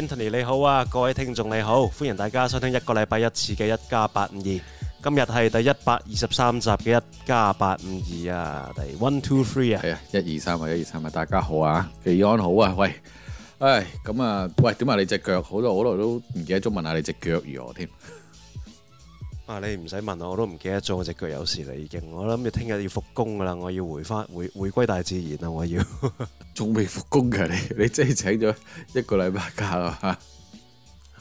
Anthony 你好啊，各位聽眾你好，歡迎大家收聽一個禮拜一次嘅一加八五二，今日係第一百二十三集嘅一加八五二啊，第 one two three 啊，係啊，一二三啊，一二三啊，大家好啊，平安好啊，喂，哎，咁啊，喂，點解你隻腳，好耐好耐都唔記得咗問下你隻腳如何添？啊！你唔使問我，我都唔記得咗。我隻腳有事啦，已經。我諗住聽日要復工噶啦，我要回翻回回歸大自然啦，我要。仲未復工嘅你，你真係請咗一個禮拜假啦？嚇！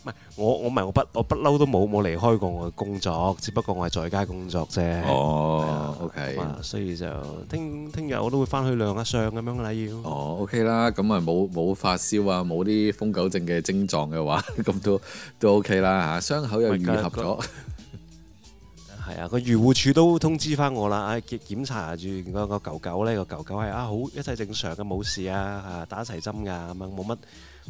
唔係我，我唔係我不我不嬲都冇冇離開過我嘅工作，只不過我係在家工作啫。哦，OK。所以就聽聽日我都會翻去晾下相咁樣啦。要。哦，OK 啦，咁啊冇冇發燒啊，冇啲瘋狗症嘅徵狀嘅話，咁都都 OK 啦嚇。傷口又愈合咗。係啊，個漁護署都通知翻我啦，檢查住嗰個狗狗咧，個狗狗係啊好一切正常嘅冇事啊，打齊針㗎，咁樣冇乜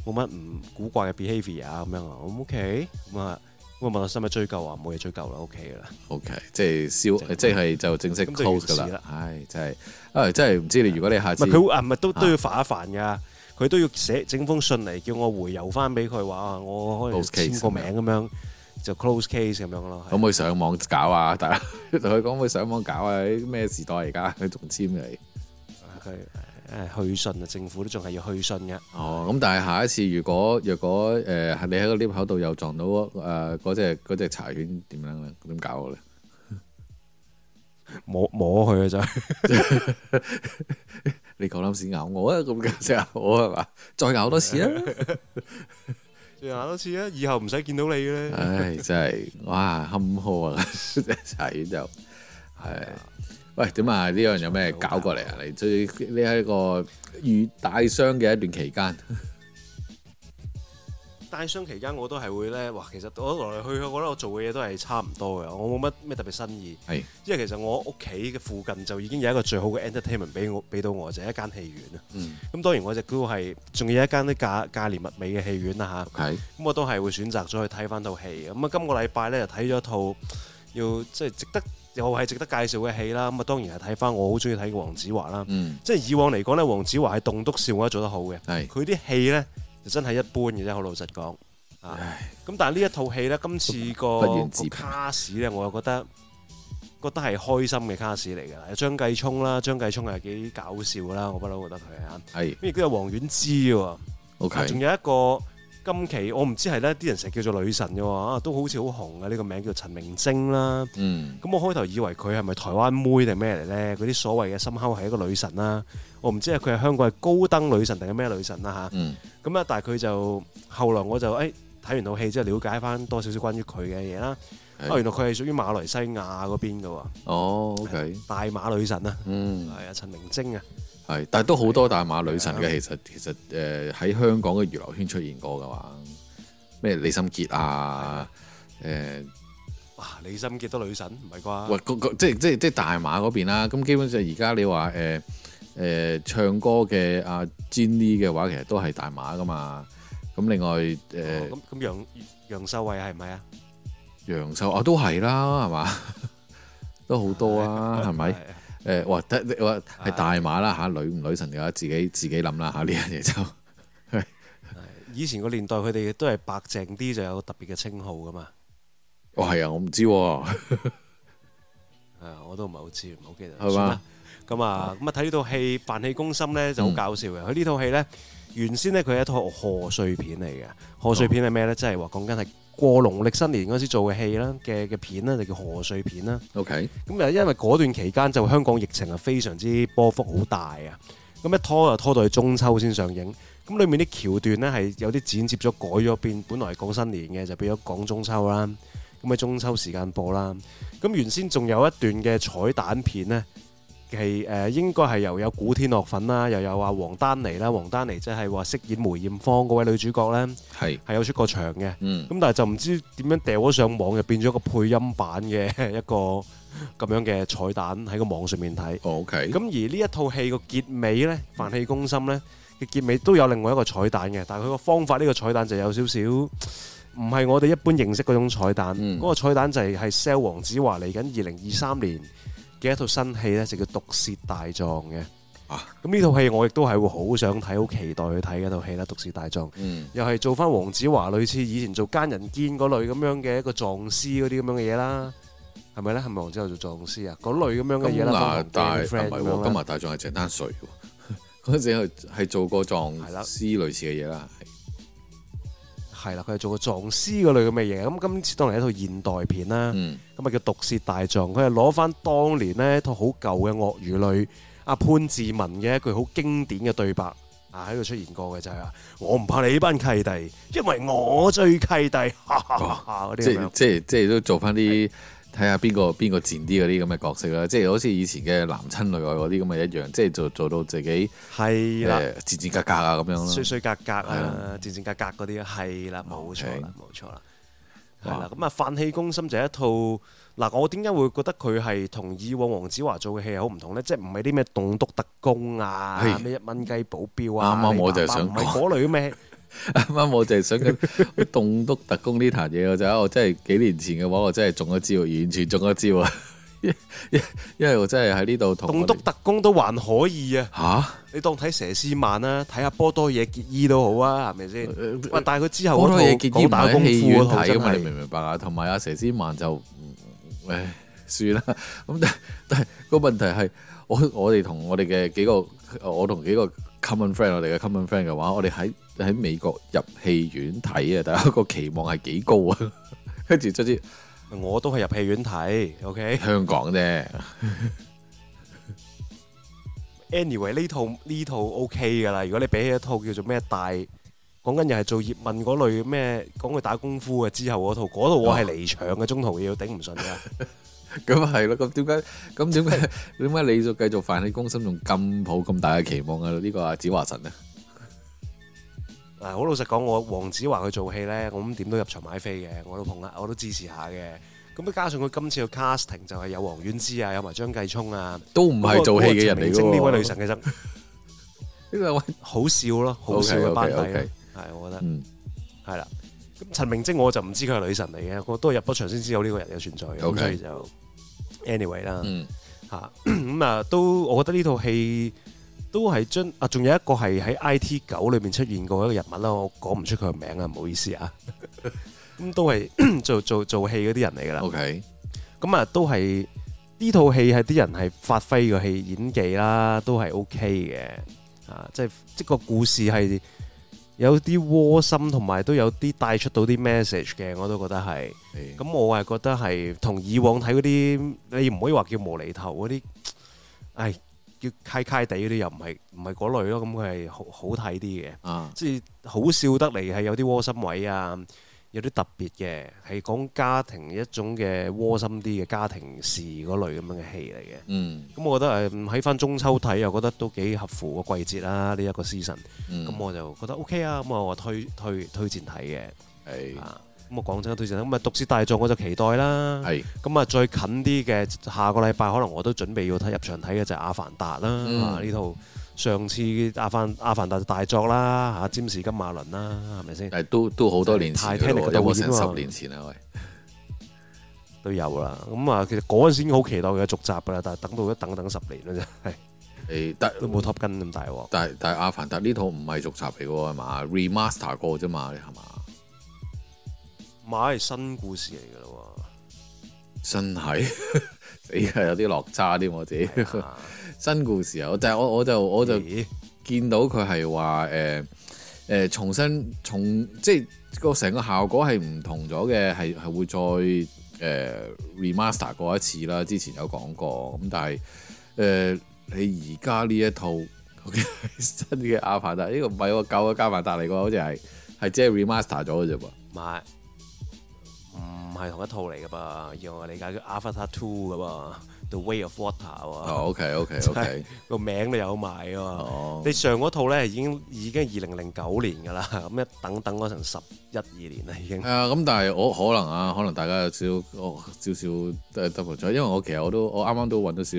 冇乜唔古怪嘅 behavior 啊，咁樣啊，O K，咁啊，咁啊問我使唔使追究啊，冇嘢追究啦。O K 啦，O K，即係消，在即係就正式 close 㗎啦，唉、哎，真係，真係唔知你如果你下次，佢啊唔係都都要煩一煩㗎，佢都要寫整封信嚟叫我回郵翻俾佢話，我可以簽個名咁是樣。就 close case 咁樣咯，可唔可以上網搞啊？大家同佢講，可唔可以上網搞啊？咩時代而家佢仲簽你？佢去信啊，政府都仲係要去信嘅。哦，咁但係下一次如果若果誒、呃，你喺個 lift 口度又撞到誒嗰隻嗰隻柴犬點樣咧？點搞咧？摸摸佢啊！就 你講冧事咬我啊！咁嘅食下我係嘛？再咬多次啊！ 做下多次啊！以後唔使見到你嘅咧。唉、 哎，真、就、係、是，哇，坎坷啊！一 齊就係、是。 喂，點啊？呢樣人有咩搞過嚟啊？ 你最呢係一個遇大傷嘅一段期間。 帶傷期間我都係會咧，哇！其實我來來去去，我覺得我做嘅嘢都係差唔多嘅，我冇乜咩特別新意。係是，因為其實我屋企嘅附近就已經有一個最好嘅 entertainment 俾我俾到我，就係、是、一間戲院啦。咁、嗯、當然我就都係仲有一間啲價價廉物美嘅戲院啦吓，咁、啊是嗯、我都係會選擇咗去睇翻套戲。咁、嗯、啊，今個禮拜咧就睇咗一套要即係值得又係值得介紹嘅戲啦。咁啊，當然係睇翻我好中意睇嘅黃子華啦。嗯、即係以往嚟講咧，黃子華喺棟篤笑我覺得做得好嘅。佢啲是戲咧。真係一般嘅啫，好老實講。咁唉但係呢一套戲咧，今次自個 cast 咧，我又覺得覺得係開心嘅 cast 嚟嘅啦。有張繼聰啦，張繼聰係幾搞笑啦，我不嬲覺得佢啊。係是，跟住都有黃遠枝喎。O K，仲有一個。今期我唔知係咧，啲人成日叫做女神嘅喎、啊，都好似好紅啊！呢、這個名叫陳明晶啦，咁、嗯、我開頭以為佢係咪台灣妹定咩嚟呢？嗰啲所謂嘅深坑係一個女神啦、啊，我唔知係佢係香港係高登女神定係咩女神啦、啊、吓，咁啊、嗯、但係佢就後來我就誒睇、哎、完套戲之後了解翻多少少關於佢嘅嘢啦的、啊，原來佢係屬於馬來西亞嗰邊嘅喎、啊，哦、okay、大馬女神啊，嗯係啊陳明晶啊。係，但係都好多大馬女神嘅、啊，其實其實誒喺香港嘅娛樂圈出現過嘅話，咩李心潔啊，誒、啊，哇、呃、李心潔都女神唔係啩？喂，個個、呃、即即即大馬嗰邊啦，咁基本上而家你話誒誒唱歌嘅阿 Jenny 嘅話，其實都係大馬㗎嘛，咁另外誒，咁、呃、咁、哦、楊楊秀惠係咪啊？楊秀，慧是是楊秀啊，都係啦，係嘛？ 都好多啊，係咪？誒，哇！得，哇，係大馬啦吓，啊、女唔女神嘅話，自己自己諗啦吓，呢樣嘢就 以前個年代佢哋都係白淨啲，就有個特別嘅稱號噶嘛。哦，係啊， 啊，我唔知。係我都唔係好知，唔好記得。係咁啊，咁啊，睇呢套戲《扮戲攻心呢》咧就好搞笑嘅。佢、嗯、呢套戲咧，原先咧佢係一套賀歲片嚟嘅。賀歲片係咩咧？即係話講緊係。過農曆新年嗰時做嘅戲啦，嘅嘅片啦，就叫賀歲片啦。OK，咁又因為嗰段期間就香港疫情係非常之波幅好大啊，咁一拖就拖到去中秋先上映。咁裡面啲橋段呢，係有啲剪接咗改咗變，本來講新年嘅就變咗講中秋啦，咁喺中秋時間播啦。咁原先仲有一段嘅彩蛋片呢。係誒，應該係又有古天樂粉啦，又有話王丹妮啦，王丹妮即係話飾演梅艷芳嗰位女主角咧，係係是有出過場嘅。咁、嗯、但係就唔知點樣掉咗上網，就變咗個配音版嘅一個咁樣嘅彩蛋喺個網上面睇。OK。咁而呢一套戲個結尾咧，飯氣攻心咧嘅結尾都有另外一個彩蛋嘅，但係佢個方法呢個彩蛋就有少少唔係我哋一般認識嗰種彩蛋，嗰、嗯、個彩蛋就係係 sell 黃子華嚟緊二零二三年。嗯嘅一套新戲咧，就叫《毒舌大狀》嘅。啊！咁呢套戲我亦都係會好想睇，好期待去睇一套戲啦，《毒舌大狀》。嗯。又係做翻黃子華類似以前做奸人堅嗰類咁樣嘅一個狀師嗰啲咁樣嘅嘢啦，係咪咧？係咪黃子華做狀師啊？嗰類咁樣嘅嘢啦。金大唔係喎，金麻大狀係鄭丹瑞喎。嗰陣時係做過狀師類似嘅嘢啦。係啦，佢係做過藏屍嗰類嘅咩嘢？咁今次當然係一套現代片啦。咁啊、嗯、叫《毒舌大狀》，佢係攞翻當年呢一套好舊嘅鱷魚淚。阿潘志文嘅一句好經典嘅對白啊，喺度出現過嘅就係、是、話：我唔怕你呢班契弟，因為我最契弟。即即即都做翻啲。睇下邊個邊個賤啲嗰啲咁嘅角色啦，即係好似以前嘅男親女愛嗰啲咁嘅一樣，即係做做到自己係啦，賤賤格格啊咁樣，衰衰、呃、格格啊，賤賤、啊、格格嗰啲，係啦，冇錯啦，冇錯啦，係啦。咁啊，《飯、嗯 okay，氣攻心》就係一套嗱，我點解會覺得佢係同以往黃子華做嘅戲好唔同呢？即係唔係啲咩棟篤特工啊，咩一蚊雞保鏢啊？啱啱我就係想講，咁嘅。啱啱 我就係想講《棟篤特工》呢壇嘢就咋，我真係幾年前嘅話，我真係中咗招，完全中咗招啊！ 因為我真係喺呢度同棟篤特工都還可以啊。吓、啊，你當睇佘詩曼啊，睇下波多野結衣都好啊，係咪先？喂、啊，但係佢之後波多野結衣唔係喺戲院睇噶嘛？你明唔明白啊？同埋阿佘詩曼就唉算啦。咁但係但係個問題係，我我哋同我哋嘅幾個，我同幾個 common friend，我哋嘅 common friend 嘅話，我哋喺。喺美國入戲院睇啊！大家個期望係幾高啊？跟住即係我都係入戲院睇，OK？香港啫。Anyway，呢套呢套 OK 噶啦。如果你比起一套叫做咩大，講緊又係做葉問嗰類咩，講佢打功夫啊之後嗰套，嗰套我係離場嘅，中途要頂唔順啊。咁係咯，咁點解？咁點解？點解你仲繼續泛起公心，仲咁抱咁大嘅期望啊？呢個阿子華神咧。嗱，好、啊、老實講，我黃子華去做戲咧，我咁點都入場買飛嘅，我都捧下，我都支持下嘅。咁加上佢今次嘅 casting 就係有王菀之啊，有埋張繼聰啊，都唔係做戲嘅人嚟。精呢、那個、位女神嘅真呢個好笑咯，好笑嘅班底。係、okay, okay , okay，我覺得係啦。咁、嗯、陳明禎我就唔知佢係女神嚟嘅，我都係入咗場先知有呢個人嘅存在嘅，Okay. 所以就 anyway 啦嚇、嗯。咁啊，都我覺得呢套戲。都係將啊，仲有一個係喺 I T 九裏面出現過一個人物啦，我講唔出佢個名啊，唔好意思啊。咁都係做做做戲嗰啲人嚟噶啦。O K，咁啊，都係呢套戲係啲人係發揮個戲演技啦，都係 O K 嘅啊，即係即個故事係有啲窩心，同埋都有啲帶出到啲 message 嘅，我都覺得係。咁我係覺得係同以往睇嗰啲，你唔可以話叫無厘頭嗰啲，唉。叫溪溪地嗰啲又唔係唔係嗰類咯，咁佢係好好睇啲嘅，啊、即係好笑得嚟，係有啲窩心位啊，有啲特別嘅，係講家庭一種嘅窩心啲嘅家庭事嗰類咁樣嘅戲嚟嘅、嗯嗯。嗯，咁我覺得誒喺翻中秋睇又覺得都幾合乎季、啊這個季節啦，呢一個 season 啊咁我就覺得 OK 啊，咁我話推推推薦睇嘅，係、嗯咁啊，講真都對住咁啊，獨此大作我就期待啦。係咁啊，最近啲嘅下個禮拜可能我都準備要睇入場睇嘅就係、嗯啊《阿凡達》啦。呢套上次《阿凡阿凡達》大作啦，嚇、啊《占士金馬倫》啦，係咪先？都都好多年前嘅喎，有成十年前啦，喂，都有啦。咁啊，其實嗰時已經好期待嘅續集噶啦，但係等到一等等十年啦，真 係。誒得都冇 top 跟咁大喎。但係但係《阿凡達》呢套唔係續集嚟嘅喎，係嘛 remaster 過啫嘛，係嘛？買係新故事嚟噶咯，真係是，你 家有啲落差添。我自己新故事啊，就係我我就我就，我就見到佢係話誒誒，重新重即係個成個效果係唔同咗嘅，係係會再誒、呃、remaster 過一次啦。之前有講過咁，但係誒你而家呢一套 新嘅阿凡達呢個唔係喎，舊嘅加凡達嚟嘅，好似係係即係 remaster 咗嘅啫噃買。唔係同一套嚟噶噃，以我理解佢《阿凡達 Two》噶喎，《The Way of Water》OK, OK, OK，個名都有賣啊。Oh. 你上嗰套咧已經已經二零零九年噶啦，咁一等一等嗰陣十一二年啦，已經。啊，咁但係我可能啊，可能大家有少、哦、少少少得唔咗，因為我其實我都我啱啱都揾到少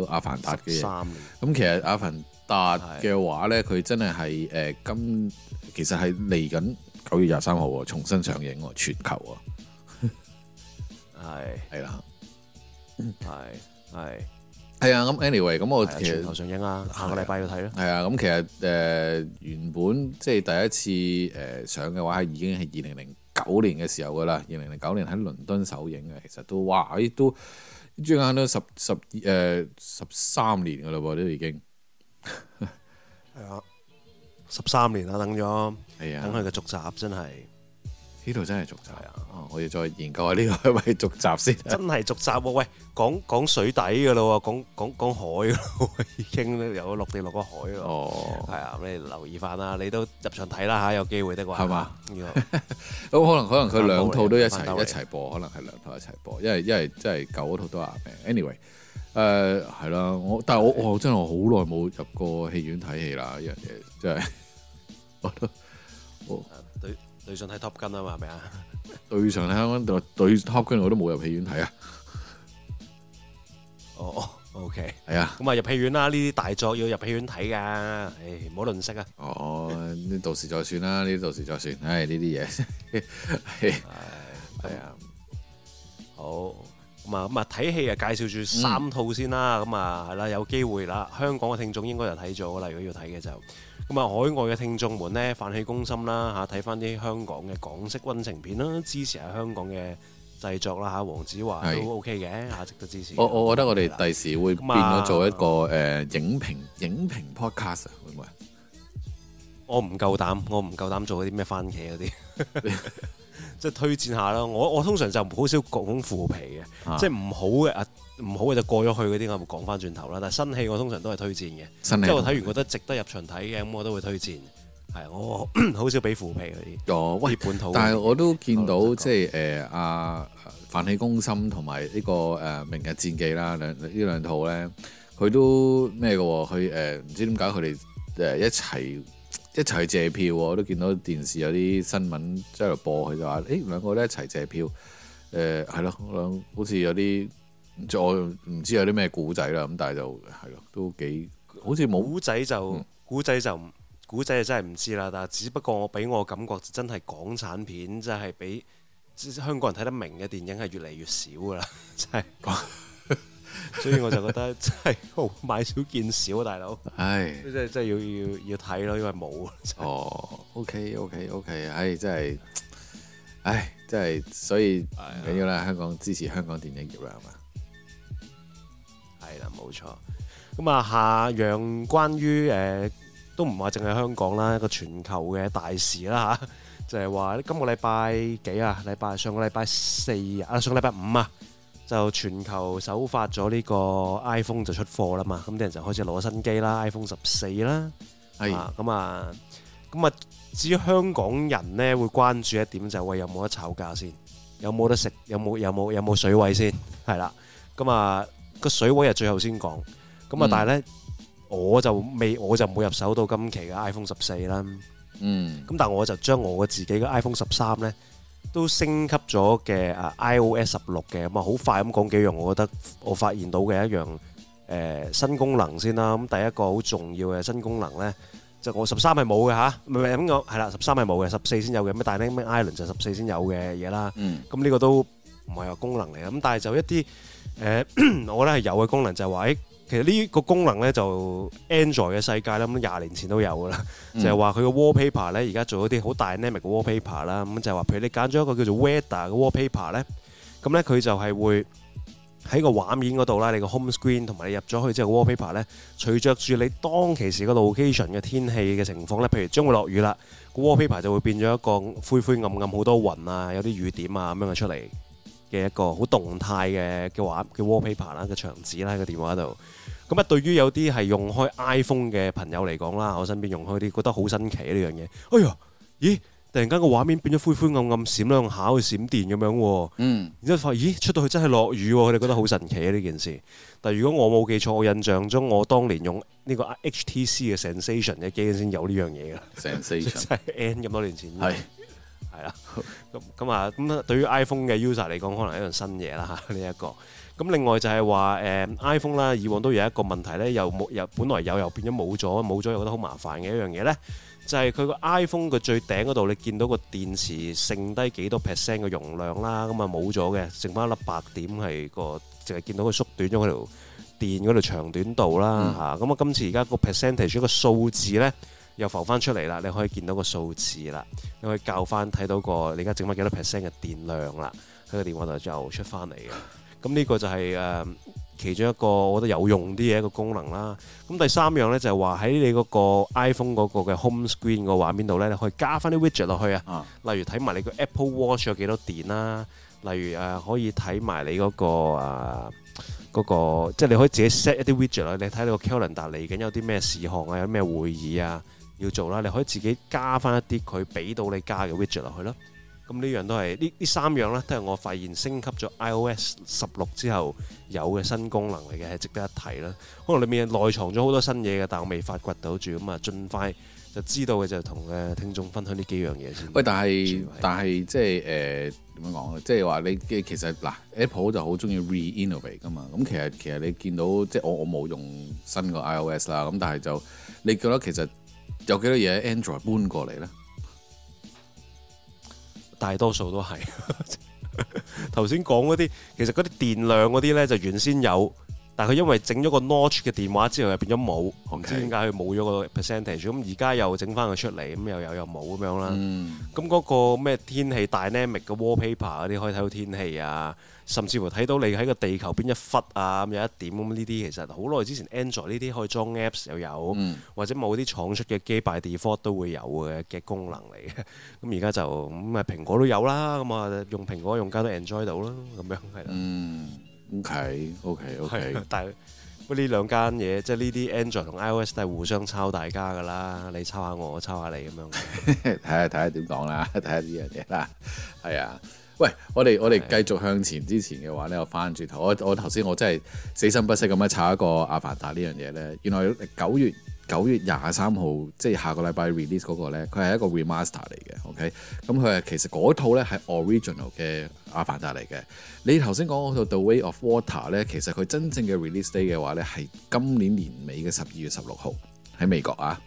少阿凡達嘅嘢。咁年其實阿凡達嘅話咧，佢的真係係誒今其實係嚟緊九月廿三號重新上映喎，全球啊。係，係啦，係，係，係啊！咁 anyway，咁我其實全球上映啊，下個禮拜要睇咯。係啊，咁其實誒、呃、原本即係第一次誒、呃、上嘅話已經係二零零九年嘅時候噶啦，二零零九年喺倫敦首映嘅，其實都哇，誒都一轉眼都十十誒十三年噶啦噃，都已經係啊，十三年啊，等咗，係 啊，等佢嘅、啊、續集真係。呢度真係續集啊、哦！我要再研究下呢、呢個係咪 續集先。真係續集喎、哦！喂，講講水底嘅咯喎，講講講海咯，已經有落地落個海咯。哦，係啊，你留意翻啦，你都入場睇啦嚇，有機會得喎。係嘛？咁可能可能佢兩套都一齊一齊播，可能係兩套一齊播，因為因為真係舊嗰套都啱名。anyway，誒、呃、係啦，我但係我的但我真係好耐冇入過戲院睇戲啦，一樣嘢真係 我都。哦雷神睇 Top Gun 啊嘛，係咪啊？對上咧，香港對 Top Gun 我都冇入戲院睇啊。哦 oh,，OK，係啊，咁啊入戲院啦，呢啲大作要入戲院睇噶，誒唔好吝嗇啊。哦，呢到時再算啦，呢到時再算，唉、哎，呢啲嘢，係係啊，好。咁啊，咁啊，睇戲啊，介紹住三套先啦，咁啊、嗯，係、嗯、啦，有機會啦，香港嘅聽眾應該就睇咗啦，如果要睇嘅就，咁、嗯、啊，海外嘅聽眾們呢，飯氣攻心啦嚇，睇翻啲香港嘅港式溫情片啦，支持下香港嘅製作啦嚇，黃子華是都 OK 嘅嚇，值得支持。我我覺得我哋第時會變咗做一個誒、嗯嗯呃、影評影評 podcast、啊、會唔會？我唔夠膽，我唔夠膽做啲咩番茄嗰啲。 即係推薦下啦，我我通常就好少講腐皮嘅，即係唔好嘅啊，唔好嘅就過咗去嗰啲我會講翻轉頭啦。但係新戲我通常都係推薦嘅，即係我睇完覺得值得入場睇嘅咁我都會推薦。係我好少俾腐皮嗰啲。哦、嗯，喂，但係我都見到即係誒阿《飯氣攻心》同埋呢個誒《明日戰記》啦，兩呢兩套咧，佢都咩嘅喎？佢誒唔知點解佢哋誒一齊一齊借票，我都見到電視有啲新聞，即係播佢就話，誒兩個咧一齊借票，誒係咯，我諗好似有啲再唔知有啲咩古仔啦，咁但係就係咯，都幾好似冇仔就古仔、嗯、就古仔就，就真係唔知啦，但係只不過我俾我感覺真係港產片真係、就是、比、就是、香港人睇得明嘅電影係越嚟越少噶啦， 真係的。 所以我就覺得真係好買少見少啊，大佬。係的，即係即係要要要睇咯，因為冇哦。OK OK OK，唉、哎，真係，唉，真係，所以緊要啦，香港的支持香港電影業啊嘛。係啦，冇錯。咁啊，下樣關於誒、呃，都唔話淨係香港啦，一個全球嘅大事啦吓、啊，就係、是、話今個禮拜幾啊？禮拜上個禮拜四啊，上個禮拜五啊。就全球首發咗呢個 iPhone 就出貨啦嘛，咁啲人就開始攞新機啦，iPhone 十四啦，係，咁啊，咁啊，至於香港人咧會關注一點就係話有冇得炒價先，有冇得食，有冇有冇有冇水位先，係啦，咁啊，個水位係最後先講，咁啊，但係咧我就未，我就冇入手到今期嘅 iPhone 十四啦，嗯，咁但係我就將我嘅自己嘅 iPhone 十三咧。都升級咗嘅啊，iOS 十六嘅咁啊，好快咁講幾樣，我覺得我發現到嘅一樣誒新功能先啦。咁第一個好重要嘅新功能咧，就我十三係冇嘅嚇，唔係咁講係啦，十三係冇嘅，十四先有嘅。咩大鈴咩 Island 就十四先有嘅嘢啦。咁呢個都唔係個功能嚟嘅。咁但係就一啲誒，我覺得係有嘅功能就係話喺。其實呢個功能咧就 Android 嘅世界啦，咁、嗯、廿年前都有噶啦， 就係話佢個 wallpaper 咧，而家做咗啲好大 dynamic 嘅 wallpaper 啦，咁就係話，譬如你揀咗一個叫做 weather 嘅 wallpaper 咧，咁咧佢就係會喺個畫面嗰度啦，你個 home screen 同埋你入咗去之後嘅 wallpaper 咧，隨着住你當其時個 location 嘅天氣嘅情況咧，譬如將會落雨啦，個 wallpaper 就會變咗一個灰灰暗暗好多雲啊，有啲雨點啊咁樣嘅出嚟嘅一個好動態嘅嘅畫嘅 wallpaper 啦，嘅牆紙啦喺個電話度。咁啊，對於有啲係用開 iPhone 嘅朋友嚟講啦，我身邊用開啲覺得好新奇呢樣嘢。哎呀，咦，突然間個畫面變咗灰灰暗暗，暗，閃兩下去閃電咁樣喎。嗯。然之後發現，咦，出到去真係落雨喎，啊，佢哋覺得好神奇啊呢件事。但係如果我冇記錯，我印象中我當年用呢個 HTC 嘅 Sensation 嘅機先有呢樣嘢㗎。Sensation 真係 N 咁多年前。係是。係 啦。咁咁啊，咁啊，對於 iPhone 嘅 user 嚟講，可能一樣新嘢啦嚇呢一個。咁另外就係話誒 iPhone 啦，以往都有一個問題咧，又冇又本來又又又有又變咗冇咗，冇咗又覺得好麻煩嘅一樣嘢咧，就係、是、佢個 iPhone 個最頂嗰度，你見到個電池剩低幾多 percent 嘅容量啦，咁啊冇咗嘅，剩翻一粒白點係個，淨係見到佢縮短咗條電嗰度長短度啦嚇。咁、嗯、啊，今次而家個 percentage 一個數字咧又浮翻出嚟啦，你可以見到個數字啦，你可以校翻睇到個你而家剩翻幾多 percent 嘅電量啦，喺個電話度就出翻嚟嘅。 咁呢個就係誒其中一個我覺得有用啲嘅一個功能啦。咁第三樣咧就係話喺你嗰個 iPhone 嗰個嘅 Home Screen 個畫面度咧，你可以加翻啲 Widget 落去啊。例如睇埋你個 Apple Watch 有幾多電啦，例如誒可以睇埋你嗰個誒嗰個，即係你可以自己 set 一啲 Widget，你睇你個 Calendar 嚟緊有啲咩事項啊，有咩會議啊要做啦，你可以自己加翻一啲佢俾到你加嘅 Widget 落去咯。咁呢樣都係呢呢三樣咧，都係我發現升級咗 iOS 十六之後有嘅新功能嚟嘅，係值得一提啦。可能裏面內藏咗好多新嘢嘅，但係我未發掘到住，咁啊，盡快就知道嘅就同嘅聽眾分享呢幾樣嘢先。喂，但係是但係即係誒點樣講？即係話你嘅其實嗱，Apple 就好中意 reinnovate 噶嘛。咁其實其實你見到即係我我冇用新嘅 iOS 啦。咁但係就你覺得其實有幾多嘢 Android 搬過嚟咧？大多數都係頭先講嗰啲，其實嗰啲電量嗰啲咧，就原先有。但佢因為整咗個 Notch 嘅電話之後，又變咗冇，我唔 Okay. 知點解佢冇咗個 percentage。咁而家又整翻佢出嚟，咁又有又冇咁樣啦。咁嗰、嗯、個咩天氣 Dynamic 嘅 Wallpaper 嗰啲，可以睇到天氣啊，甚至乎睇到你喺個地球邊一忽啊，咁有一點咁呢啲，其實好耐之前 Android 呢啲可以裝 Apps 又有，嗯、或者某啲廠出嘅機，by default 都會有嘅嘅功能嚟嘅。咁而家就咁啊、嗯，蘋果都有啦，咁啊用蘋果用家都 enjoy 到啦，咁樣係啦。嗯 O K，O K，O K，但係不過呢兩間嘢，即係呢啲 Android 同 iOS 都係互相抄大家噶啦，你抄下我，我抄下你咁樣，睇下睇下點講啦，睇下呢樣嘢啦，係啊，喂，我哋我哋繼續向前之前嘅話咧，我翻轉頭，我我頭先我真係死心不息咁樣炒一個《阿凡達》呢樣嘢咧，原來九月九月廿三號即係下個禮拜 release 嗰個咧，佢係一個 remaster 嚟嘅，O K，咁佢係其實嗰套咧係 original 嘅。阿凡、啊、達嚟嘅，你頭先講嗰套 The Way of Water 咧，其實佢真正嘅 release day 嘅話咧，係今年年尾嘅十二月十六號喺美國啊。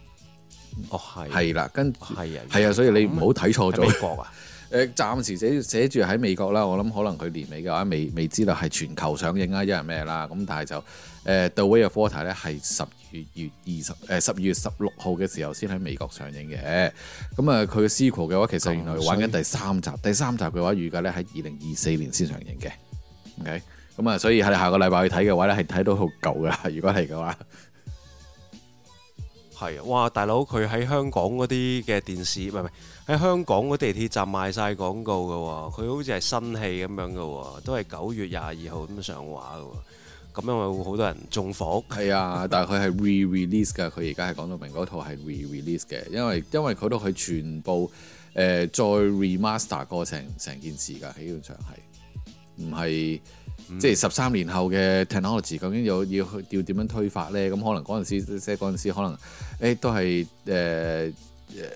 哦，係、啊。係啦，跟住係、哦、啊，係啊，啊，所以你唔好睇錯咗、嗯。美國啊。 誒暫時寫寫住喺美國啦，我諗可能佢年尾嘅話未未知道係全球上映啦，一係咩啦咁，但係就誒《The Way of Water》、呃咧係十二月二十誒十二月十六號嘅時候先喺美國上映嘅。咁、嗯、啊，佢嘅《s c 嘅話其實原來玩緊第三集，以第三集嘅話預計咧喺二零二四年先上映嘅。OK，咁、嗯、啊，所以喺下個禮拜去睇嘅話咧，係睇到好舊㗎。如果係嘅話，係哇，大佬佢喺香港嗰啲嘅電視唔係喺香港個地鐵站賣晒廣告嘅喎，佢好似係新戲咁樣嘅喎，都係九月廿二號咁上畫嘅喎，咁樣會好多人中火。係 啊，但係佢係 re-release 㗎，佢而家係講到明嗰套係 re-release 嘅，因為因為佢都係全部誒、呃、再 remaster 過成成件事㗎，起用場係唔係即係十三年後嘅 technology 究竟有要要點樣推發咧？咁可能嗰陣時即係嗰陣時可能誒、欸、都係誒。呃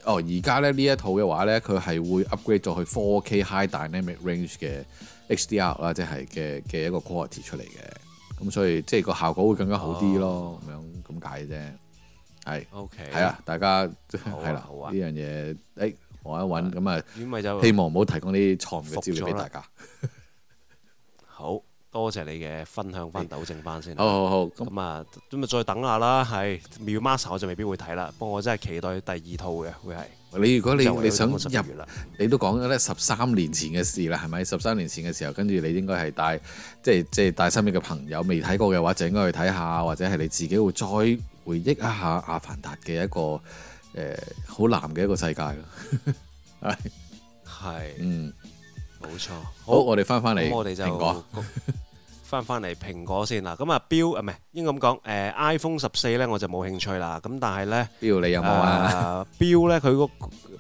哦，而家咧呢一套嘅話咧，佢係會 upgrade 咗去 4K High Dynamic Range 嘅 HDR 啦，即係嘅嘅一個 quality 出嚟嘅，咁所以即係個效果會更加好啲咯，咁、哦、樣咁解啫，係、哦、OK，係了啊，大家係啦，呢樣嘢，誒，我一揾咁啊，希望唔好提供啲錯誤嘅資料俾大家。好。多謝你嘅分享，翻糾正翻先。好好好，咁啊、嗯，咁咪再等下啦，係《妙 mask》我就未必會睇啦。不過我真係期待第二套嘅，會係你如果你你想入，你都講咗咧十三年前嘅事啦，係咪？十三年前嘅時候，跟住你應該係帶，即係即係帶身邊嘅朋友未睇過嘅話，就應該去睇下，或者係你自己會再回憶一下《阿凡達》嘅一個誒好、呃、藍嘅一個世界。係 是，係是，嗯。冇錯，好，好，我哋翻返嚟，咁我哋就聽歌。歌 翻翻嚟蘋果先啦，咁啊，表啊，唔係應該咁講，誒 iPhone 十四咧我就冇興趣啦。咁但係咧，表你有冇啊？表咧佢個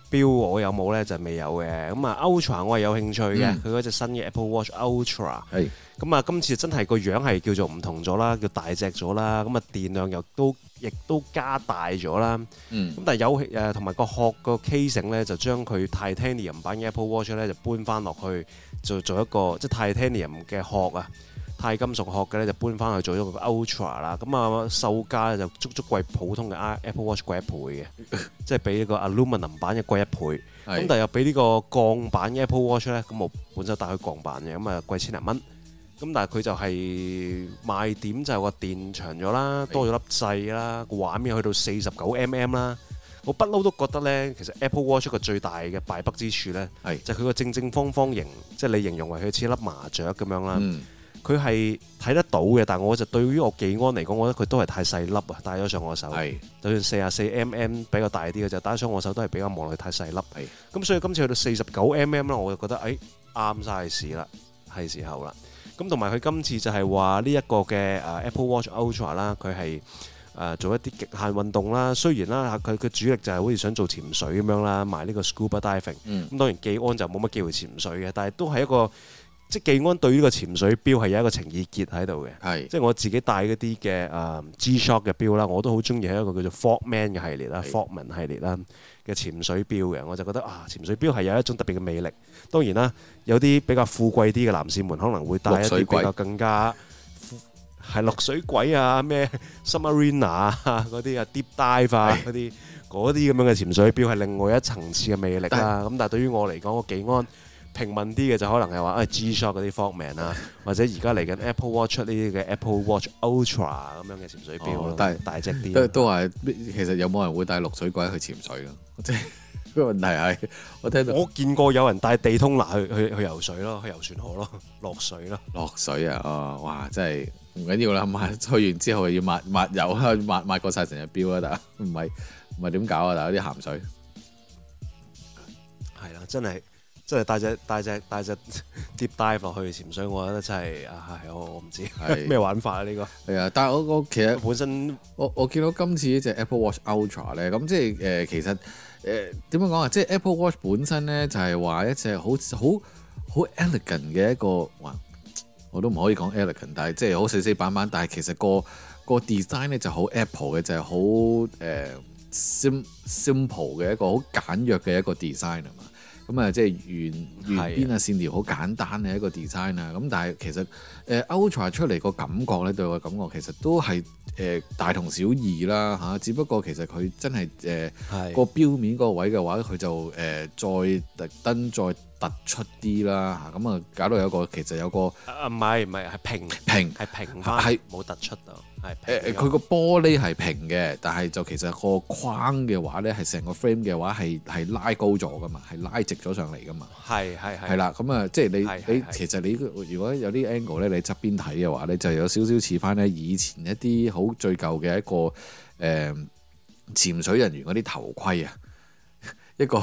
表我有冇咧就未有嘅。咁啊，Ultra 我係有興趣嘅，佢嗰隻新嘅 Apple Watch Ultra。係咁啊，今次真係個樣係叫做唔同咗啦，叫大隻咗啦。咁啊，電量又都亦都加大咗啦。嗯，咁但係有誒同埋個殼個 casing 咧，就將佢 Titanium 版嘅 Apple Watch 咧就搬翻落去就做做一個即係 Titanium 嘅殼啊。太金屬殼嘅咧就搬翻去做咗個 Ultra 啦，咁啊售價就足足貴普通嘅 Apple Watch 貴一倍嘅，即係比呢個 aluminium 版嘅貴一倍。咁但係又比呢個鋼板嘅 Apple Watch 咧，咁我本身戴佢鋼板嘅，咁啊貴千零蚊。咁但係佢就係賣點就係個電長咗啦，多咗粒掣啦，個畫面去到四十九 mm 啦。我不嬲都覺得咧，其實 Apple Watch 個最大嘅敗北之處咧，就係佢個正正方方形，即係你形容為佢似粒麻雀咁樣啦。佢係睇得到嘅，但係我就對於我技安嚟講，我覺得佢都係太細粒啊！戴咗上我手，就算四十四 mm 比較大啲嘅，就戴上我手都係比較望落去太細粒。咁所以今次去到四十九 mm 啦，我就覺得誒啱晒時啦，係時候啦。咁同埋佢今次就係話呢一個嘅誒 Apple Watch Ultra 啦，佢係誒做一啲極限運動啦。雖然啦嚇佢嘅主力就係好似想做潛水咁樣啦，賣呢個 Scuba Diving。咁當然技安就冇乜機會潛水嘅，但係都係一個。即係紀安對於個潛水錶係有一個情意結喺度嘅，即係我自己帶嗰啲嘅誒 G-Shock 嘅錶啦，我都好中意喺一個叫做 Frogman 嘅系列啦，Frogman 系列啦嘅潛水錶嘅，我就覺得啊，潛水錶係有一種特別嘅魅力。當然啦，有啲比較富貴啲嘅男士們可能會戴一啲比較更加係綠水鬼啊咩 Submariner 啊嗰啲啊 Deep Dive 啊嗰啲嗰啲咁樣嘅潛水錶係另外一層次嘅魅力啦。咁但係對於我嚟講，個紀安平民啲嘅就可能係話誒 G-Shock 嗰啲方面啦，或者而家嚟緊 Apple Watch 呢啲嘅 Apple Watch Ultra 咁樣嘅潛水表，大大隻啲。都都係，其實有冇人會帶綠水鬼去潛水咯？即係個問題係，我聽到我見過有人帶地通拿去去去游水咯，去游船河咯，落水咯。落水啊！哦，哇！真係唔緊要啦，抹去完之後要抹抹油啦，抹抹過晒成隻表啊！但係唔係唔係點搞啊？但係啲鹹水係啦，真係。即係帶隻帶隻帶隻 deep dive 落去潛水，我覺得真係啊，係我我唔知係咩玩法啊呢個。係啊，但係我我其實本身我我見到今次呢隻 Apple Watch Ultra 咧，咁即係誒其實誒點樣講啊？即係 Apple Watch 本身咧就係話一隻好好好 elegant 嘅一個，哇，我都唔可以講 elegant，但係即係好死死板板，但係其實嗰個嗰個 design 咧就好 Apple 嘅，就係好誒 sim simple 嘅一個好簡約嘅一個 design 啊嘛。咁啊，即係圓圓邊啊，線條好簡單嘅一個 design 是啊。咁但係其實誒，Ultra 出嚟個感覺咧，對我嘅感覺其實都係誒大同小異啦吓。只不過其實佢真係誒個表面個位嘅話，佢就誒、呃、再特登再突出啲啦吓。咁啊，搞到有個其實有個啊唔係唔係係平平係平係冇是突出到。係誒佢個玻璃係平嘅，但係就其實個框嘅話咧，係成個 frame 嘅話係係拉高咗噶嘛，係拉直咗上嚟噶嘛。係係係。係啦，咁啊的、嗯，即係你是你的其實你如果有啲 angle 咧，你側邊睇嘅話咧，就有少少似翻咧以前一啲好最舊嘅一個誒、呃、潛水人員嗰啲頭盔 個啊，一個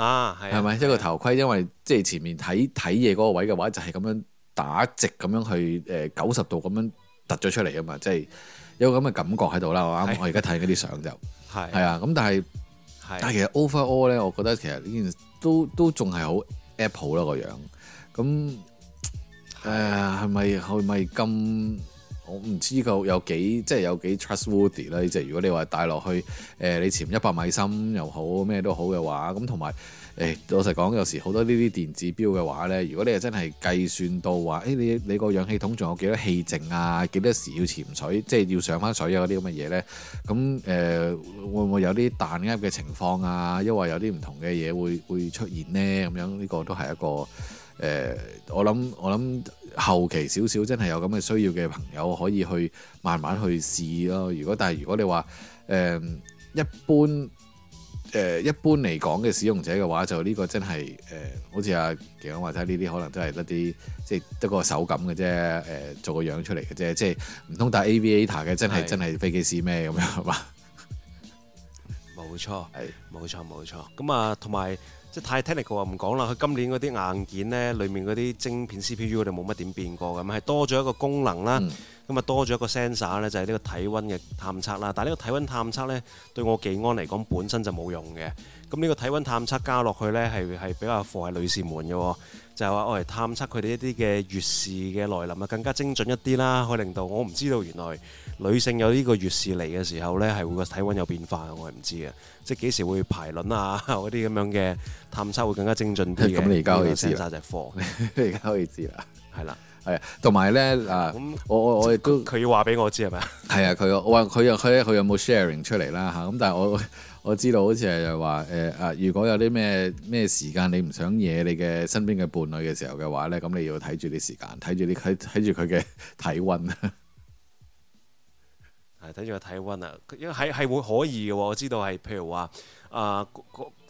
啊係咪一個頭盔？因為即係前面睇睇嘢嗰個位嘅話，就係咁樣打直咁樣去誒九十度咁樣。凸咗出嚟啊嘛，即係有個咁嘅感覺喺度啦。的我啱，我而家睇緊啲相就係係啊。咁但係，但係其實 overall 咧，我覺得其實呢件都都仲係好 Apple 啦、個樣。咁誒係咪係咪咁？我唔知佢有幾即係、就是、有幾 trustworthy 啦。即係如果你話帶落去誒、呃，你潛一百米深又好咩都好嘅話，咁同埋。誒，老實講有時好多呢啲電子錶嘅話呢，如果你係真係計算到話，誒你你個氧氣筒仲有幾多氣淨啊？幾多時要潛水，即係要上返水啊嗰啲咁嘅嘢呢？咁誒、呃、會唔會有啲彈啱嘅情況啊？因為有啲唔同嘅嘢會會出現呢？咁樣呢、這個都係一個誒、呃，我諗我諗後期少少真係有咁嘅需要嘅朋友可以去慢慢去試咯。如果但係如果你話誒、呃、一般。誒、呃、一般嚟講嘅使用者嘅話，就呢個真係誒、呃，好似阿傑講或者呢啲可能都係得啲即係得個手感嘅啫，誒、呃、做個樣出嚟嘅啫，即係唔通帶 Aviator 嘅真係是真係飛機師咩？咁樣係嘛？冇 錯，係冇錯冇錯。咁啊，同埋即係 Titanic 我唔講啦，佢今年嗰啲硬件咧，裡面嗰啲晶片 C P U 佢哋冇乜點變過，咁係多咗一個功能啦。嗯咁啊多咗一個 sensor 咧，就係呢個體温嘅探測啦。但係呢個體温探測咧，對我技安嚟講本身就冇用嘅。咁呢個體温探測加落去咧，係係比較 for 係女士們嘅喎，就係話我嚟探測佢哋一啲嘅月事嘅來臨啊，更加精準一啲啦，可以令到我唔知道原來女性有呢個月事嚟嘅時候咧，係會個體温有變化，我係唔知嘅。即係幾時會排卵啊嗰啲咁樣嘅探測會更加精準啲。咁你而家可以知啦。sensor 就係 for，你而家可以知啦。係啦。 係同埋咧嗱，呢嗯、我即我即我亦都佢要話俾我知係咪啊？係啊，佢我話佢又佢佢有冇 sharing 出嚟啦嚇咁，但係我我知道好似係話誒啊，如果有啲咩咩時間你唔想惹你嘅身邊嘅伴侶嘅時候嘅話咧，咁你要睇住啲時間，睇住你佢睇住佢嘅體温啊，係睇住個體温啊，因為係係會可以嘅喎，我知道係譬如話啊，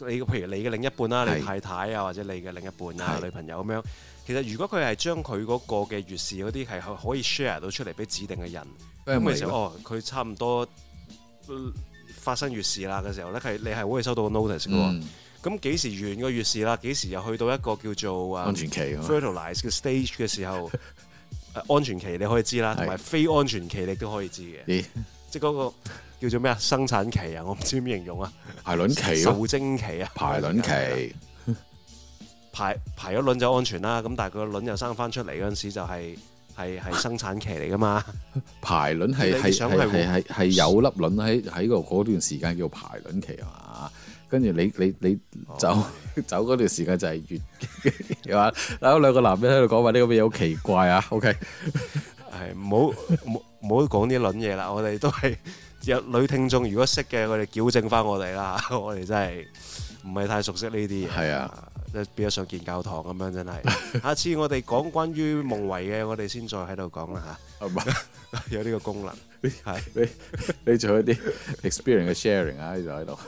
你、呃、譬如你嘅另一半啦，是你太太啊，或者你嘅另一半啊，是女朋友咁樣。其實如果佢係將佢嗰個嘅月事嗰啲係可以 share 到出嚟俾指定嘅人，咁其實哦，佢、嗯、差唔多發生月事啦嘅時候咧，係你係可以收到個 notice 嘅喎、嗯。咁幾、啊、時完個月事啦？幾時又去到一個叫做啊安全期 fertilize、啊、嘅 stage 嘅時候、啊？安全期你可以知啦，同埋非安全期你都可以知嘅。是即係嗰個叫做咩啊生產期啊，我唔知點形容啊排卵期啊受精期啊排卵期。排排咗卵就安全啦，咁但係佢個卵又生翻出嚟嗰陣時就係係係生產期嚟噶嘛？排卵係係係係有粒卵喺喺個嗰段時間叫排卵期啊！跟住你你你走、哦、走嗰段時間就係月經，你話有兩個男人喺度講話呢個咩好奇怪啊 ？OK，係唔好唔好講啲卵嘢啦！我哋都係有女聽眾，如果識嘅，我哋矯正翻我哋啦，我哋真係唔係太熟悉呢啲嘢。係啊。即係比較想建教堂咁樣，真係。下次我哋講關於夢維嘅，我哋先再喺度講啦吓。唔係，有呢個功能，係你你做一啲 experience 嘅 sharing 啊，就喺度。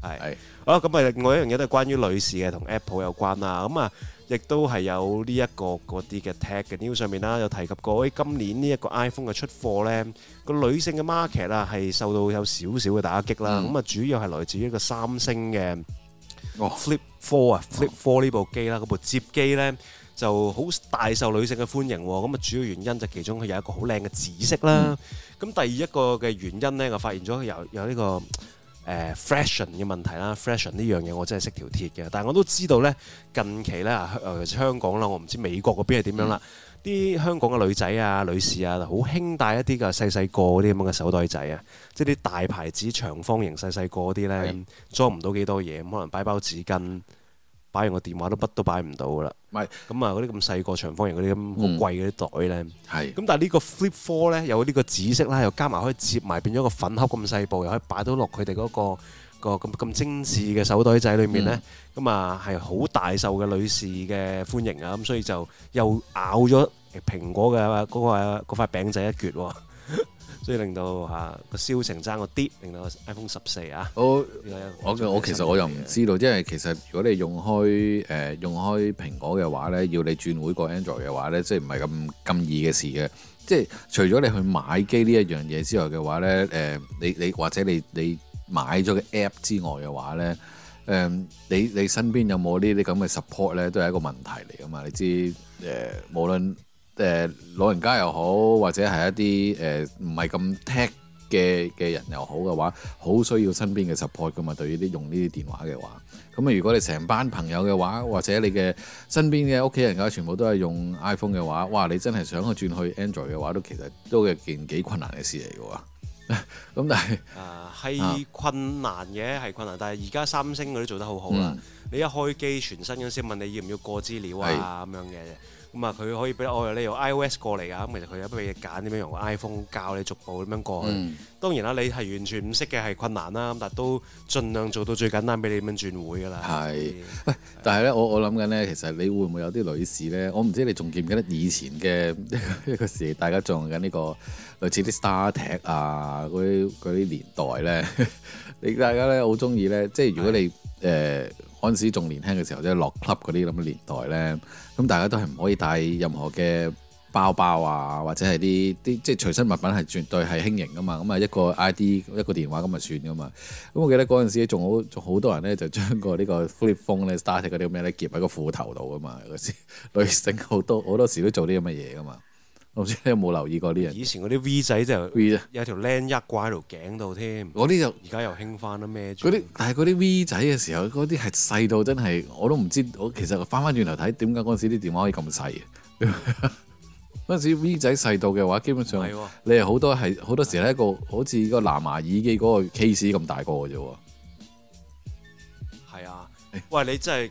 係係，好咁啊！我一樣嘢都係關於女士嘅，同 Apple 有關啦。咁啊，亦都係有呢一個嗰啲嘅 tag 嘅 news 上面啦，有提及過喺今年呢一個 iPhone 嘅出貨咧，個女性嘅 market 啊係受到有少少嘅打擊啦。咁啊，主要係來自於一個三星嘅。Oh. Flip Four 啊，Flip Four 呢部機啦，嗰、oh. 部摺機咧就好大受女性嘅歡迎。咁、哦、啊主要原因就其中佢有一個好靚嘅紫色啦。咁、嗯、第二一個嘅原因咧，我發現咗佢有有呢、呢個誒、呃、fashion 嘅問題啦。fashion 呢樣嘢我真係識條鐵嘅，但係我都知道咧近期咧誒、呃、香港啦，我唔知美國嗰邊係點樣啦。嗯啲香港嘅女仔啊、女士啊，好輕帶一啲嘅細細個啲咁嘅手袋仔啊，即係啲大牌子長方形細細個啲呢，小小的裝唔到幾多嘢，可能擺包紙巾，擺完個電話都筆都擺唔到噶啦。唔係，咁啊嗰啲咁細個長方形嗰啲咁好貴嗰啲袋、嗯、呢，咁但係呢個 Flip Four 咧，有呢個紫色啦，又加埋可以折埋，變咗個粉盒咁細部，又可以擺到落佢哋嗰個個咁咁精緻嘅手袋仔裏面咧，咁啊係好大受嘅女士嘅歡迎啊！咁所以就又咬咗蘋果嘅嗰個嗰塊餅仔一撅，所以令到嚇個銷情爭個啲，令到 iPhone 十四啊。我我我其實我又唔知道，因為其實如果你用開誒用開蘋果嘅話咧，要你轉換個 Android 嘅話咧，即係唔係咁咁易嘅事嘅。即係除咗你去買機呢一樣嘢之外嘅話咧，誒你你或者你你。買咗個 APP 之外嘅話呢，誒、嗯，你你身邊有冇呢啲咁嘅 support 呢？都係一個問題嚟噶嘛。你知誒、呃，無論誒、呃、老人家又好，或者係一啲誒唔係咁 tech 嘅嘅人又好嘅話，好需要身邊嘅 support，噶嘛。對於啲用呢啲電話嘅話，咁啊，如果你成班朋友嘅話，或者你嘅身邊嘅屋企人嘅全部都係用 iPhone 嘅話，哇！你真係想去轉去 Android 嘅話，都其實都係件幾困難嘅事嚟嘅。咁但係啊，係、嗯、困難嘅，係困難。但係而家三星佢都做得好好啦。嗯、你一開機全新嗰先問你要唔要過資料啊咁是樣嘅。咁啊，佢可以俾我哋你用 iOS 過嚟啊！咁其實佢有俾你揀？點樣用 iPhone 教你逐步咁樣過去？當然啦，你係完全唔識嘅係困難啦。咁但都盡量做到最簡單俾你點樣轉會噶啦。係喂是，是但係咧，我我諗緊咧，其實你會唔會有啲女士咧？我唔知你仲記唔記得以前嘅一個時， 大家做緊呢個類似啲 Star Tech 啊嗰啲啲年代咧， 你大家咧好中意咧，即係如果你誒。嗰陣時仲年輕嘅時候，即係落 club 嗰啲咁嘅年代咧，咁大家都係唔可以帶任何嘅包包啊，或者係啲啲即係隨身物品係絕對係輕盈噶嘛，咁啊一個 ID 一個電話咁咪算噶嘛。咁我記得嗰陣時仲好仲好多人咧，就將個呢 fl 個 flip phone 咧，start 嗰啲咩咧夾喺個褲頭度噶嘛。嗰時女性好多好多時都做啲咁嘅嘢噶嘛。我唔知你有冇留意過啲人，以前嗰啲 V 仔就，即係 V 仔，有條靚一掛喺條頸度添。我呢就而家又興翻啦，咩？嗰啲但係嗰啲 V 仔嘅時候，嗰啲係細到真係我都唔知。我其實翻翻轉頭睇，點解嗰陣時啲電話可以咁細？嗰陣時 V 仔細到嘅話，基本上、啊、你係好多係好多時係一個、啊、好似個藍牙耳機嗰個 case 咁大個嘅啫。係啊，喂，你真係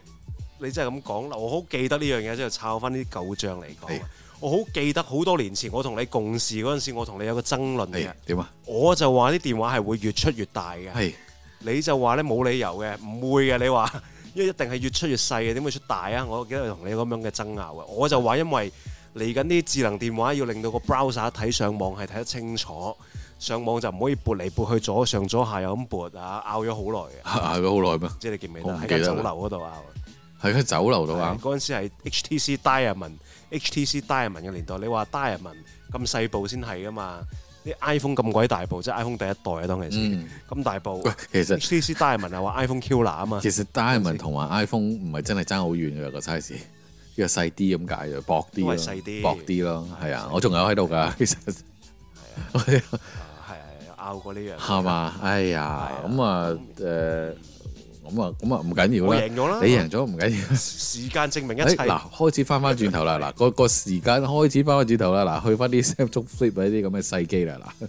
你真係咁講啦，我好記得呢樣嘢，真係抄翻啲舊賬嚟講。我好記得好多年前我同你共事嗰陣時，我同你有個爭論嘅點啊！Hey, 我就話啲電話係會越出越大嘅 Hey.，你就話咧，冇理由嘅，唔會嘅你話，因為一定係越出越細嘅，點會出大啊？我記得同你咁樣嘅爭拗嘅，我就話因為嚟緊啲智能電話要令到個 browser 睇上網係睇得清楚，上網就唔可以撥嚟撥去左上左下又咁撥啊，拗咗好耐嘅，拗咗好耐咩？即係你記唔記得喺間酒樓嗰度拗？喺間酒樓度啊！嗰陣時係 HTC Diamond。HTC Diamond 嘅年代，你話 Diamond 咁細部先係噶嘛？啲 iPhone 咁鬼大部，即係 iPhone 第一代啊，當其時咁大部。喂，其實 HTC Diamond 係話 iPhone Killer 啊嘛。其實 Diamond 同埋 iPhone 唔係真係爭好遠嘅個 size，又細啲咁解，又薄啲，薄啲咯，係啊，我仲有喺度噶，其實。係啊，係啊拗過呢樣。係嘛？哎呀，咁啊，誒。咁啊，咁啊，唔緊要啦。你贏咗唔緊要。時間證明一切。嗱，開始翻翻轉頭啦，嗱，個個時間開始翻翻轉頭啦，嗱，去翻啲 snap，zoom，flip 嗰啲咁嘅細機啦，嗱。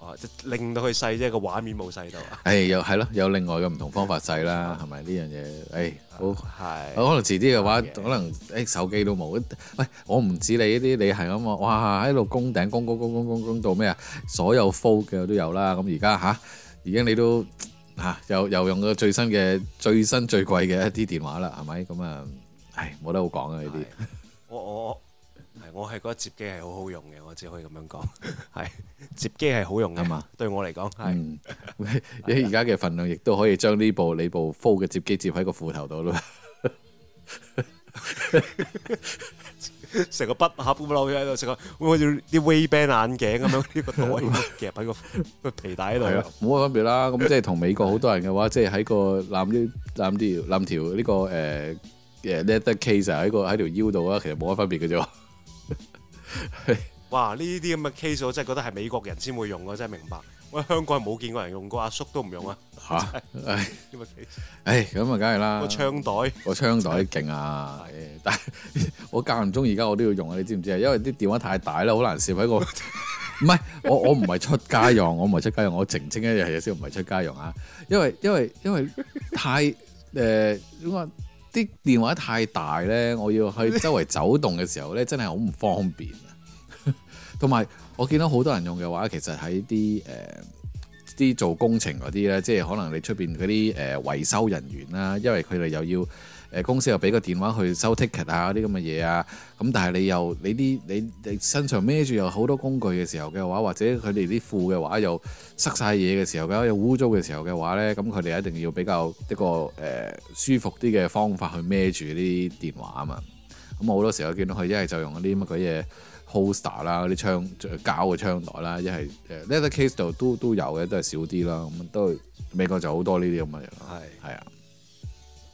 哦，即令到佢細啫，個畫面冇細到啊。誒，又係咯，有另外嘅唔同方法細啦，係咪呢樣嘢？誒，好，係。可能遲啲嘅話，可能誒手機都冇。喂，我唔似你呢啲，你係咁哇喺度攻頂、攻高、攻攻攻攻到咩啊？所有 fold 嘅都有啦。咁而家吓。已經你都嚇、啊、又又用到最新嘅最新最貴嘅一啲電話啦，係咪？咁啊，唉，冇得好講啊！呢啲，我我係我係覺得接機係好好用嘅，我只可以咁樣講，係的 接機係好用噶嘛。的對我嚟講係，而家嘅份量亦都可以將呢部你部 Fold 嘅接機接喺個褲頭度咯。 成 個筆盒咁樣喺度，成、會唔會好似啲 Wayban 眼鏡咁樣，呢個袋夾喺個皮帶度。冇乜、啊、分別啦。咁 即係同美國好多人嘅話， 即係喺個攬啲攬啲攬條呢個誒誒、呃、Leather、yeah, case 喺個喺條腰度啊，其實冇乜分別嘅啫。係 哇，呢啲咁嘅 case 我真係覺得係美國人先會用，我真係明白。我香港係冇見過人用過，阿叔都唔用啊！嚇，誒咁啊，梗係啦！個槍袋，個槍袋勁啊！係，但係我間唔中而家我都要用啊！你知唔知啊？因為啲電話太大啦，好難攝喺個。唔係， 我我唔係出街用，我唔係出街用，我澄清一樣嘢先唔係出街用啊！因為因為因為太誒點講，啲、呃、電話太大咧，我要去周圍走動嘅時候咧，真係好唔方便啊！同埋。我見到好多人用嘅話，其實喺啲誒啲做工程嗰啲咧，即係可能你出邊嗰啲誒維修人員啦，因為佢哋又要誒、呃、公司又俾個電話去收 ticket 啊嗰啲咁嘅嘢啊，咁、啊、但係你又你啲你你身上孭住有好多工具嘅時候嘅話，或者佢哋啲褲嘅話又塞晒嘢嘅時候嘅話，又污糟嘅時候嘅話咧，咁佢哋一定要比較一個誒、呃、舒服啲嘅方法去孭住啲電話啊嘛，咁好多時候見到佢一係就用嗰啲乜鬼嘢。poster 啦，啲槍膠嘅窗袋啦，一係誒 leather case 度都都有嘅，都係少啲啦。咁都係美國就好多呢啲咁嘅嘢。係係是啊，